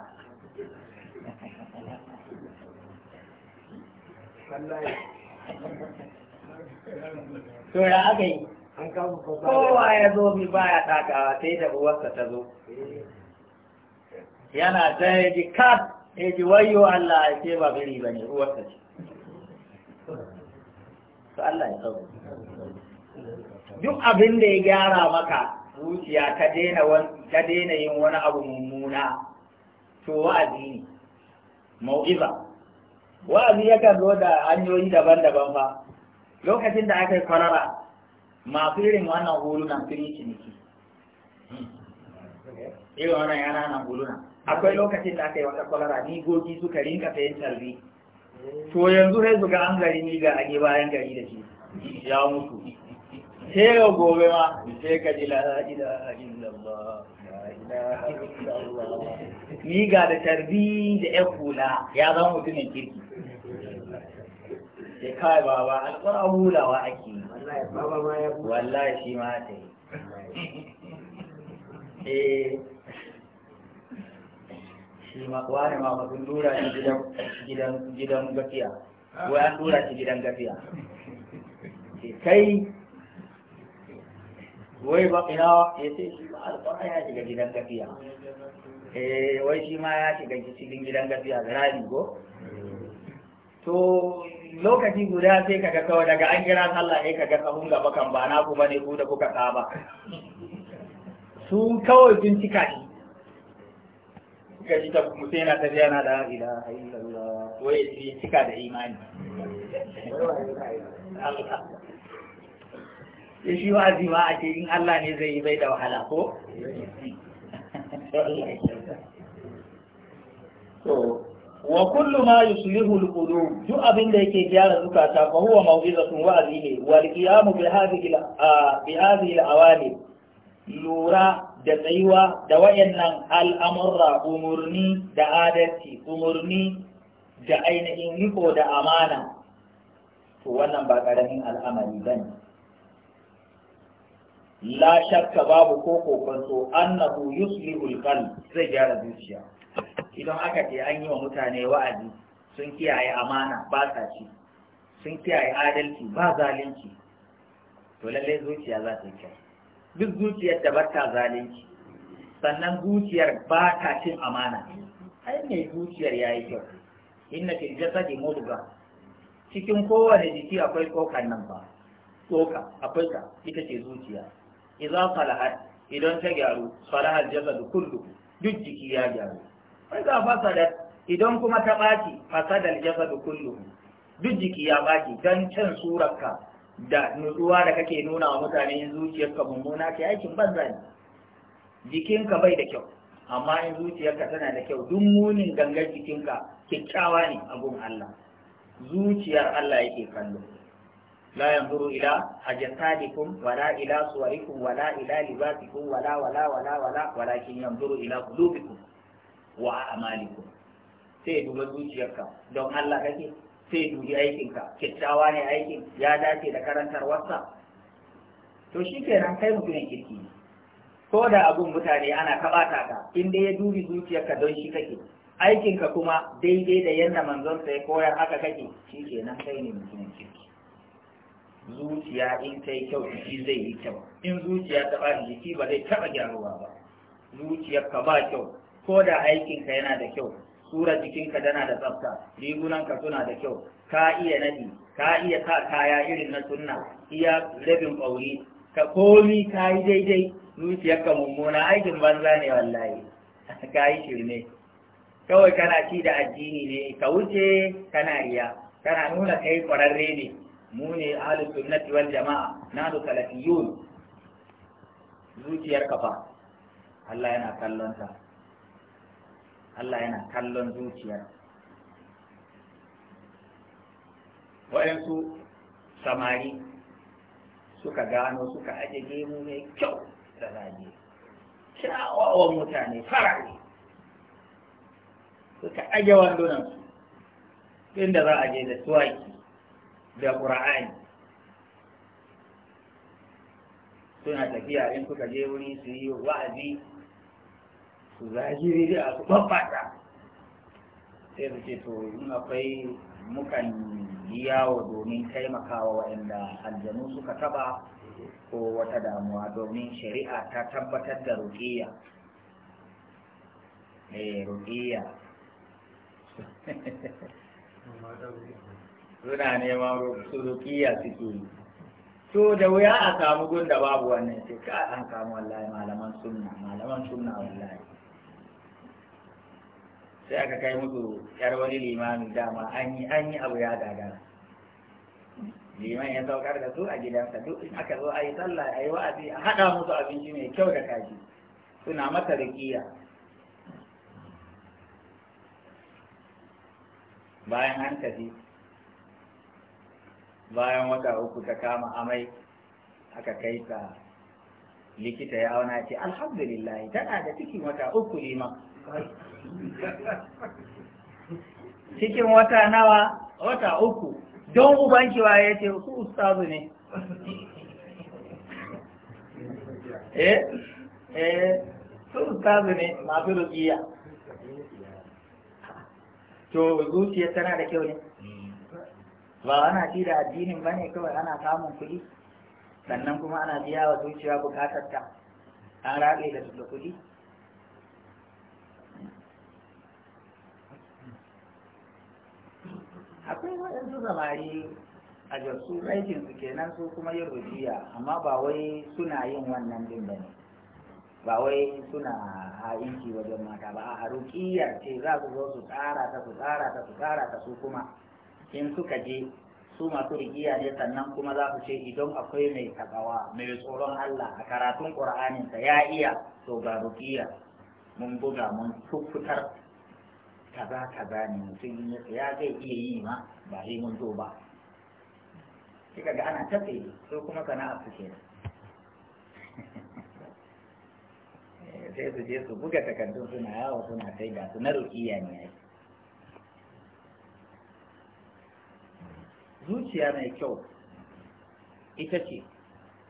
to ya aka yi kowa ya zo mi baya takawa sai da uwarsa ta zo eh. yana ta ya ji kat ya ji wayo Allah ya ce ba biri ba ne uwarsa ce to Allah ya sauko duk abin da ya gyara maka zuciya ka daina yin wani abu mummuna to wa'azi ne mau'iza wa'azi yakan zo da hanyoyi daban-daban fa lokacin da aka yi kwarara masu irin wannan hulunan sun yi ciniki irin wannan yana nan na akwai lokacin da aka yi wata kwalara ni goji suka rinka yin tarbi to yanzu sai su ga an gari ni ga age bayan gari da shi ya mutu sai ga gobe ma sai ka ji la ilaha illallah ni ga da tarbi da ya kula ya zama mutumin kirki sai kai baba alƙura hulawa ake yi wallahi shi ma ta yi eh, shi ma wani ma sun dura shi gidan gafiya ko an dura shi gidan gafiya kai wai ba ina ya ce shi ma alƙura ya shiga gidan gafiya eh wai shi ma ya shiga cikin gidan gafiya da rami ko to lokaci guda sai kaga kawai daga an kira sallah ne kaga sahun gaba kan ba na ku bane ku da kuka saba su kawai sun cika ni ka ji ta kuma sai na ta na da ila illallah wai shi cika da imani ya shi wa azima a ce in Allah ne zai yi bai da wahala ko? wa kullu ma yuslihu al-qulub duk abin da yake gyara zukata fa huwa mau'izatun wa'azi ne wal qiyamu bi hadhihi bi hadhihi al awali lura da tsayuwa da wayannan al'amurra umurni da adalci umurni da ainihin riko da amana to wannan ba karamin al'amari bane la shakka babu ko kokonto annahu yuslihu al-qalb zai gyara zuciya idan aka ce an yi wa mutane wa'azi sun kiyaye amana ba sa ci sun kiyaye adalci ba zalunci to lallai zuciya za ta yi kyau duk zuciyar da ba ta zalunci sannan zuciyar ba ta cin amana ai mai zuciyar ya yi kyau inna fil jasadi mudga cikin kowane jiki akwai tsokan nan ba tsoka akwai ta ita ce zuciya idza salahat idan ta gyaru salahal jasadu kullu duk jiki ya gyaru za fasadat idan kuma ta ɓaci fasadal da kullum, duk jiki ya ɓaci don can surarka da nutsuwa da kake nuna wa mutane zuciyarka mummuna ke aikin banza ne jikinka bai da kyau amma in zuciyarka tana da kyau duk munin gangar jikinka kyakkyawa ne a gun Allah zuciyar Allah yake kallo la yanzuru ila ajsadikum wala ila suwarikum wala ila libasikum wala wala wala wala walakin yanzuru ila qulubikum wa a'malikum sai duba zuciyarka don Allah kake sai dubi aikinka kyakkyawa ne aikin ya dace da karantarwarsa to shi kenan kai mutumin kirki ne ko da abun mutane ana kabata ka in dai ya dubi zuciyarka don shi kake aikinka kuma daidai da yadda manzon sai koyar haka kake shi kenan kai ne mutumin kirki zuciya in ta yi kyau jiki zai yi kyau in zuciya ta ba jiki ba zai taɓa gyaruwa ba zuciyarka ba kyau ko da aikinka yana da kyau sura jikinka tana da tsafta rigunanka suna da kyau ka iya nadi ka iya sa kaya irin na sunna iya rabin bauri ka komi ka yi daidai zuciyarka mummuna aikin banza ne wallahi ka yi shirme kawai kana ci da addini ne ka wuce kana iya kana nuna kai kwararre ne mu ne ahlus sunnati wal jama'a nanu salafiyun zuciyar kafa Allah yana kallon Allah yana kallon zuciyar waɗansu samari suka gano suka aje gemu mai kyau da rage kyawawan mutane farare suka aje wandunan inda za a je da tuwaki da ƙura'ani suna tafiya in suka je wuri su yi wa'azi to za a ji rediyo a su babbata sai su ce to in akwai mukan yawo domin taimakawa waɗanda aljanu suka taba ko wata damuwa domin shari'a ta tabbatar da ruƙiyya. eh ruƙiyya. suna neman ruƙiyya suke yi to da wuya a samu gun babu wannan sai ka an kamu wallahi malaman sunna malaman sunna wallahi sai aka kai musu yar wani limamin dama an yi an yi abu ya gagara liman ya saukar da su a gidansa duk in aka zo ayi yi sallah a wa'azi a haɗa musu abinci mai kyau da kaji suna mata rikiya bayan an tafi bayan wata uku ta kama amai aka kai ta likita ya auna ce alhamdulillah tana da ciki wata uku liman cikin wata nawa wata uku don ubankiwa ya ce su ustazu ne eh eh su ustazu ne masu rukiya to zuciya tana da kyau ne ba ana ci da addinin ba ne kawai ana samun kuɗi sannan kuma ana biya wa zuciya bukatar ta an rabe da kuɗi akwai waɗansu samari a jasu aikin su kenan su kuma yin rufiya amma ba wai suna yin wannan din ba ne ba wai suna ha'inci wajen mata ba a ruƙiyar ce za su zo su tsara ta su tsara ta su tsara ta su kuma in suka je su masu rukiya ne sannan kuma za su ce idan akwai mai takawa mai tsoron Allah a karatun ƙur'aninsa ya iya to ga rukiya mun buga mun fitar kaza kaza ne mutum ya zai iya yi ma ba yi mun zo ba sai kaga ana ta tsaye so kuma sana'a suke ke sai su je su buga takardun suna yawo suna sai da su na rukiya ne ai zuciya mai kyau ita ce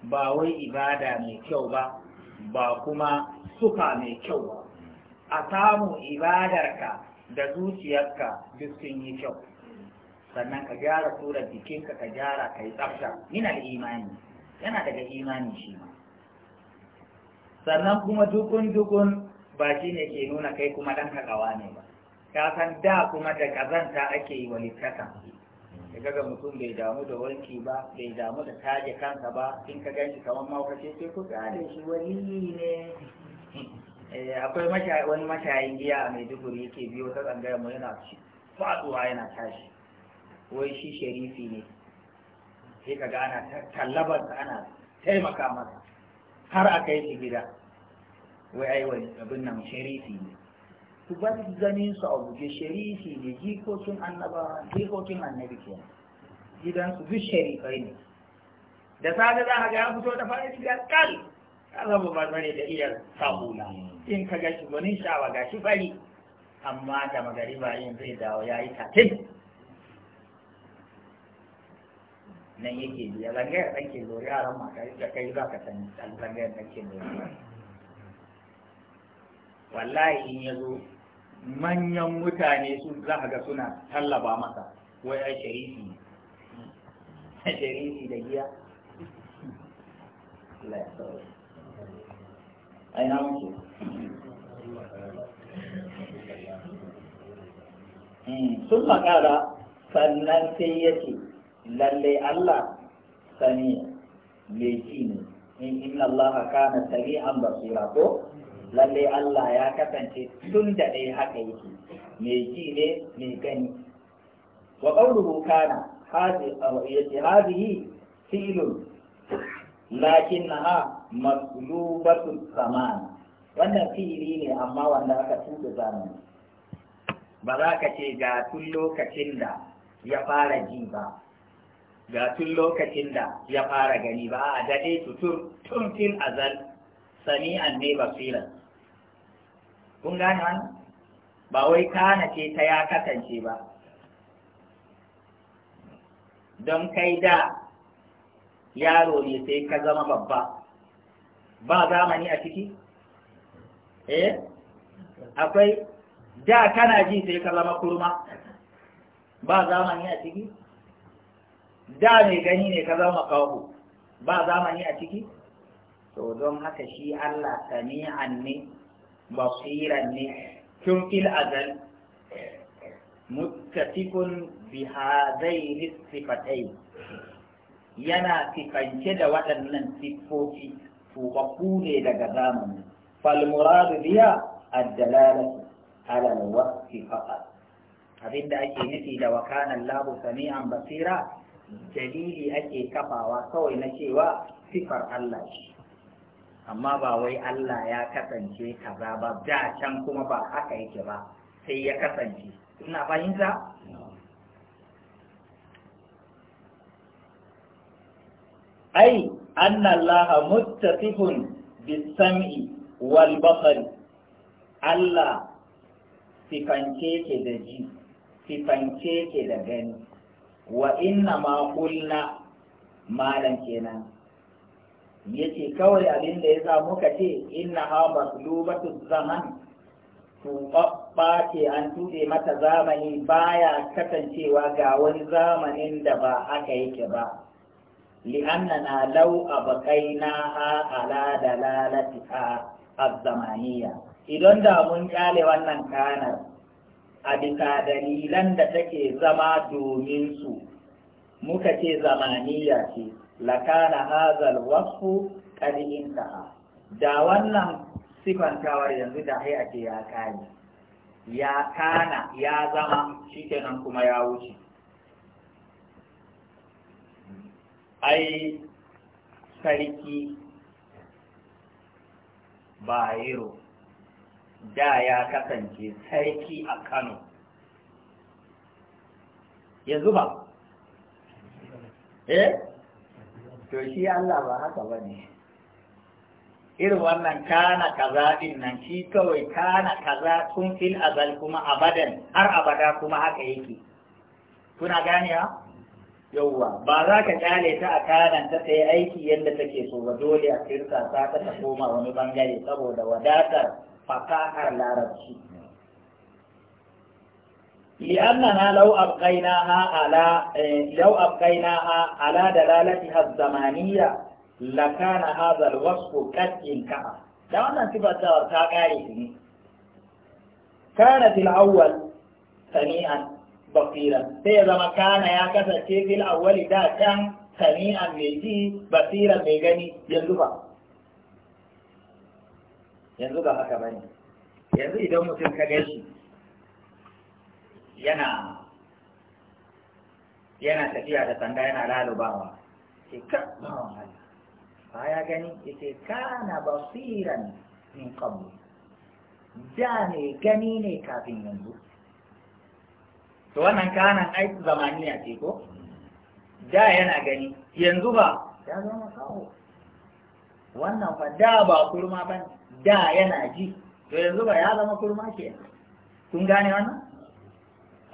ba wai ibada mai kyau ba ba kuma suka mai kyau ba a samu ibadarka da zuciyarka duk sun yi kyau sannan ka gyara tura jikinka ka gyara ka yi tsafta da imani yana daga imani shi ma sannan kuma dukun dukun ba shi ne ke nuna kai kuma ɗan kakawa ne ba ka san da kuma da kazanta ake yi wa Da ka mutum bai damu da wanki ba bai damu da taje kansa ba in ka ganshi kamar maukaci ce ku gane shi wani ne Eh, akwai wani mashayin giya a maiduguri yake biyo ta tsangayar mu yana faduwa yana tashi wai shi sharifi ne sai ka ana tallabar ana taimaka masa har a kai shi gida wai ai wani abin nan sharifi ne ku ba su ganin su a buge sharifi ne jikokin annaba jikokin annabi ke gidan su duk sharifai ne da safe za a ga ya fito da fara shiga kal ka zama ba da iyar sabula in ka gashi gwanin sha'awa gashi fari amma da ba yin zai dawo ya yi tatin nan yake biya zangayar ɗanke lori a ran mata da kai za ka ɗan zangayar ɗanke lori wallahi in ya zo manyan mutane su za ga suna tallaba masa wai ai sharifi sharifi da giya Allah ya sauya ai mutu Hmm, sun makara sannan sai ya ce lallai Allah sani mai ji ne in inna Allah ka kana an basira ko lallai Allah ya kasance tun da ɗaya haka yake mai ji ne mai gani wa qawluhu kana yace hadihi filun lakinnaha maslubatun saman wannan fi'ili ne amma wanda aka tuɗe zamani ba za ka ce ga tun lokacin da ya fara ji ba ga tun lokacin da ya fara gani ba a daɗe tutur tun fil azal an ne filan kun gane wani ba wai kana ce ta ya kasance ba don kai da yaro ne sai ka zama babba ba zamani a ciki eh akwai da kana ji sai ka zama kurma ba zamani a ciki da mai gani ne ka zama kawo ba zamani a ciki to don haka shi Allah sami'an ne basiran ne tun fil azal muttafiqun bi hadaini sifatai yana sifance da waɗannan siffofi tubabbu ne daga zamani فالمراد بها الدلالة على الوصف فقط abinda ake nufi da wakanan labu sami'an basira dalili ake kafawa kawai na cewa sifar Allah amma ba wai Allah ya kasance kaza ba da can kuma ba aka yake ba sai ya kasance ina fahimta ai anna Allah muttasifun bisam'i wal Allah sifance ke da ji sifance ke da gani wa inna ma kulna malam kenan yace kawai abin da yasa muka ce inna ha maslubatu zaman tubabba ce an tude mata zamani baya kasancewa ga wani zamanin da ba aka yake ba li'annana law abqaina ha ala dalalatiha azzamaniya idan da mun kyale wannan kanar a bisa dalilan da take zama domin su muka ce zamaniya ce lakana hazal wasfu qad intaha da wannan sifantawar yanzu da hai ake ya kani ya kana ya zama shikenan kuma ya wuce ai sarki bayero da ya kasance sarki a kano yanzu ba eh to shi allah ba haka ba ne irin wannan kana kaza din nan shi kawai kana kaza tun fil azal kuma abadan har abada kuma haka yake kuna gane ha yauwa ba za ka kyale ta a kanan ta ta yi aiki yadda take so ba dole a kirka ta ta ta koma wani bangare saboda wadatar fasahar larabci law abqainaha لأننا لو أبقيناها على لو أبقيناها على دلالتها الزمانية لكان هذا الوصف قد ka da wannan صفة ta kare ne. kana til awwal sami'an basira sai ya zama kana ya kasance fil awwali da can sami'an mai ji basira mai gani yanzu ba yanzu ba haka bane yanzu idan mutum ka gashi yana yana tafiya da sanda yana lalubawa ce ka ba ya gani yace kana basiran min qablu da ne gani ne kafin yanzu to wannan kanan ai zamaniya ce ko da yana gani yanzu ba ya zama kawo wannan fa da ba kurma ba da yana ji to yanzu ba ya zama kurma ke kun gane wannan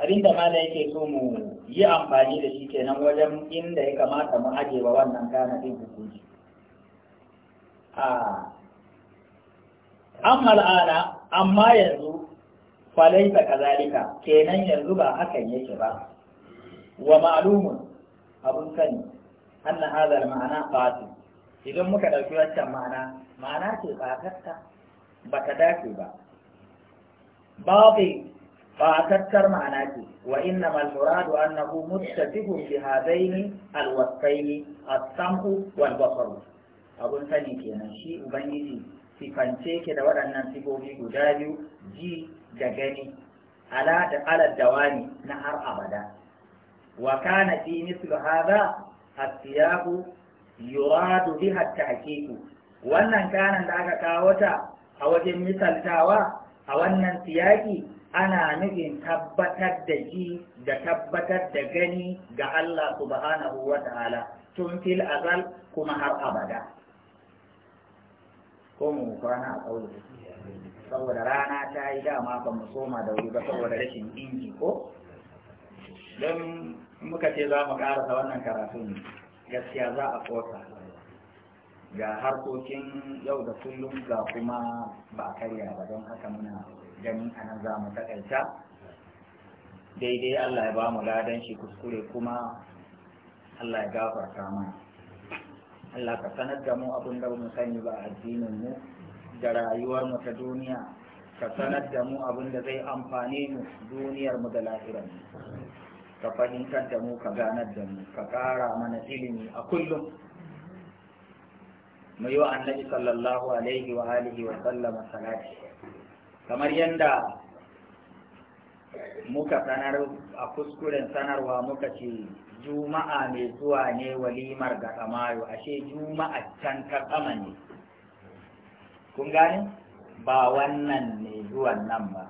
abin da mala yake so mu yi amfani da shi kenan wajen inda ya kamata mu aje wa wannan kana din hukunci a ah. amma al'ana amma yanzu falaita kazalika kenan yanzu ba hakan yake ba wa ma'lumun abun sani anna hadha ma'ana fati idan muka ɗauki waccan ma'ana ma'ana ce fatatta ba ta dace ba babi fatattar ma'ana ce wa inna mal muradu annahu muttafiqun bi hadaini al wasaini as-sam'u wal basaru abun sani kenan shi ubangiji sifance ke da waɗannan sifofi guda biyu ji da gani ala da ala dawani na har abada wa kana fi mislu hadha asiyabu yuradu biha at-ta'kiku wannan kanan da aka kawo ta a wajen misaltawa a wannan tiyaki ana nufin tabbatar da ji da tabbatar da gani ga Allah subhanahu wa ta'ala tun fil azal kuma har abada ko mu kwana a ƙauye saboda rana ta yi dama ba mu soma da wuri ba saboda rashin inji ko don muka ce za mu ƙarasa wannan karatun gaskiya za a ƙosa ga harkokin yau da kullum ga kuma ba a karya ba don haka muna ganin a nan za mu taƙaita daidai Allah ya ba mu ladan shi kuskure kuma Allah ya gafarta mana Allah ka sanar da mu abin da mu sani ba a addinin mu da rayuwar mu ta duniya ka sanar da mu abin da zai amfane mu duniyar mu da lahirar mu ka fahimtar da mu ka ganar da mu ka ƙara mana ilimi a kullum mu yi wa annabi sallallahu alaihi wa alihi wa sallama salati kamar yadda muka sanar a kuskuren sanarwa muka ce juma'a mai zuwa ne walimar ga kamayo ashe juma'a can ta kama ne kun gane ba wannan ne zuwan nan ba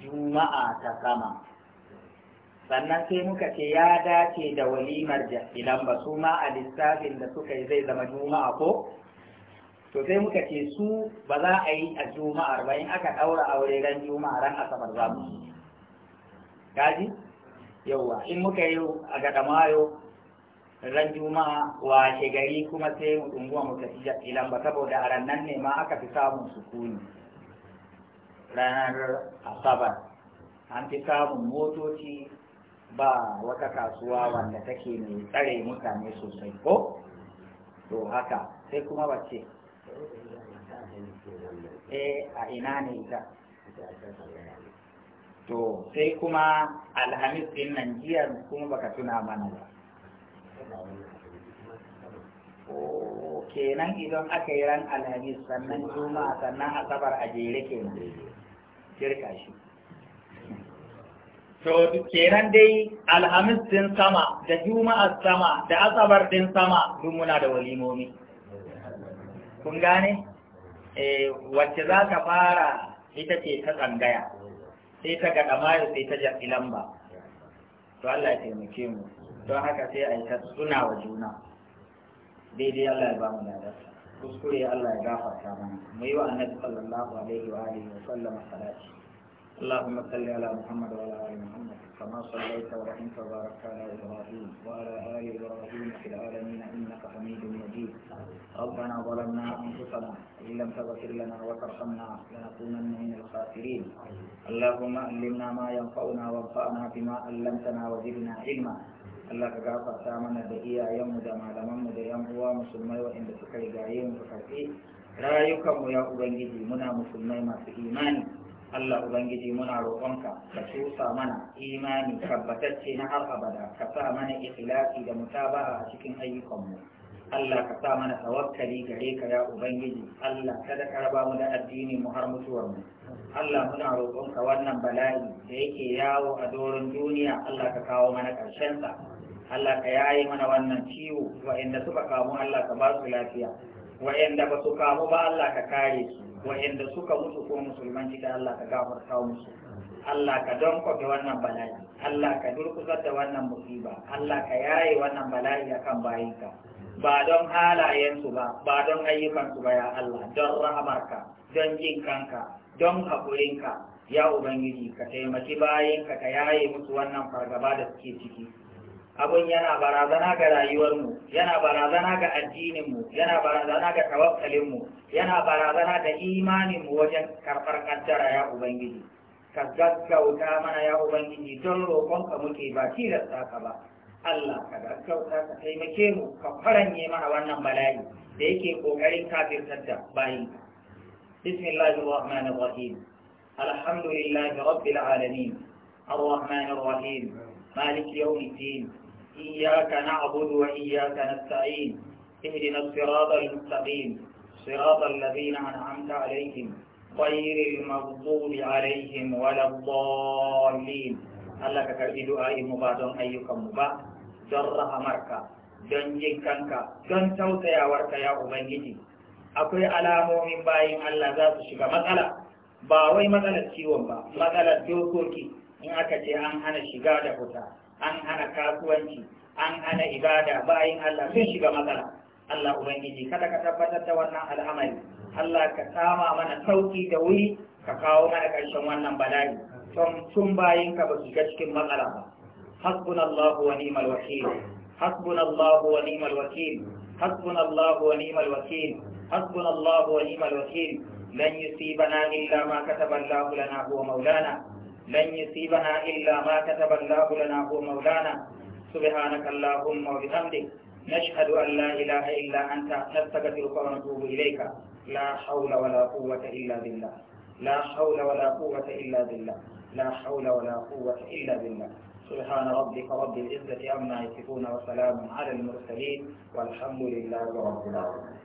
juma'a ta sama sannan sai muka ce ya dace da walimar idan ba su ma a lissafin da suka yi zai zama juma'a ko to sai muka ce su ba za a yi a juma'ar ba in aka ɗaura aure ran juma'a ran asabar za mu gaji yauwa in muka yi a mayo ran juma'a wa gari kuma sai unguwa mu tafi jakilan ba saboda a rannan ne ma aka fi samun sukuni ranar asabar an fi samun motoci ba wata kasuwa wanda take mai tsare mutane sosai ko to haka sai kuma bace eh a ina ne ita to sai kuma alhamis din nan jiya kuma baka tuna mana ba kenan idan aka yi ran alhamis sannan juma'a sannan asabar a jere kenan shirka shi to kenan dai alhamis din sama da juma'a sama da asabar din sama duk muna da walimomi kun gane eh wacce za ka fara ita ce ta tsangaya sai ta ga damayo sai ta jafi lamba to Allah ya taimake mu don haka sai a yi ta suna wa juna daidai Allah ya ba mu ladarsa kuskure Allah ya gafarta mana mu yi wa annabi sallallahu alaihi wa alihi wa sallama salati اللهم صل على محمد وعلى ال محمد كما صليت ورحمت وباركت على ابراهيم وعلى ال ابراهيم في العالمين انك حميد مجيد ربنا ظلمنا انفسنا ان لم تغفر لنا وترحمنا لنكونن من الخاسرين اللهم علمنا ما ينفعنا وانفعنا بما علمتنا وزدنا علما اللهم ka gafarta mana da iyayenmu da malamanmu da yan uwa musulmai waɗanda suka rigaye mu ka karɓi rayukanmu ya ubangiji muna musulmai Allah Ubangiji muna roƙonka ka cusa mana imani tabbatacce na har abada ka sa mana ikhlasi da mutaba'a a cikin ayyukanmu Allah ka sa mana tawakkali gare ka ya Ubangiji Allah kada ka raba mu da addini mu har mutuwar mu Allah muna roƙonka wannan bala'i da yake yawo a doron duniya Allah ka kawo mana ƙarshen sa Allah ka yaye mana wannan ciwo wa'anda suka kamu Allah ka ba su lafiya wa'anda ba su kamu ba Allah ka kare su wa'inda suka mutu ko musulman cikin Allah ka gafarta musu Allah ka don kofe wannan bala'i Allah ka durkusar da wannan musiba Allah ka yaye wannan bala'i akan bayinka ba don halayensu ba ba don ayyukansu ba ya Allah don rahamarka don jin kanka don haƙurinka ya Ubangiji ka taimaki bayinka ka yaye musu wannan fargaba da suke ciki abun yana barazana ga rayuwarmu yana barazana ga addininmu yana barazana ga tawakkalinmu yana barazana da imaninmu wajen karɓar ƙaddara ya ubangiji ka gaggauta mana ya ubangiji don roƙonka muke ba tilasta ka ba Allah ka gaggauta ka taimake mu ka faranye mana wannan bala'i da yake ƙoƙarin kafirtar da bayin bismillahir rahmanir rahim alhamdulillahi rabbil alamin الرحمن الرحيم مالك يوم الدين إياك نعبد وإياك نستعين اهدنا الصراط المستقيم صراط الذين أنعمت عليهم غير المغضوب عليهم ولا الضالين Allah ka karbi du'a'in mu ba don ayyukan mu ba don rahamarka don jin kanka don tausayawarka ya ubangiji akwai alamomin bayin Allah za su shiga matsala ba wai matsalar ciwon ba matsalar dokoki in aka ce an hana shiga da fita an hana kasuwanci an hana ibada bayin Allah sun shiga matsala Allah ubangiji kada ka tabbatar da wannan al'amari Allah ka sama mana sauki da wuri ka kawo mana ƙarshen wannan bala'i tun tun bayin ka ba su ga cikin matsala ba hasbunallahu wa ni'mal wakil hasbunallahu wa ni'mal wakil hasbunallahu wa ni'mal wakil hasbunallahu wa ni'mal wakil lan yusibana illa ma kataballahu lana huwa maulana لن يصيبنا إلا ما كتب الله لنا هو مولانا سبحانك اللهم وبحمدك نشهد أن لا إله إلا أنت نستغفرك ونتوب إليك لا حول ولا قوة إلا بالله لا حول ولا قوة إلا بالله لا حول ولا قوة إلا بالله سبحان ربك رب العزة عما يصفون وسلام على المرسلين والحمد لله رب العالمين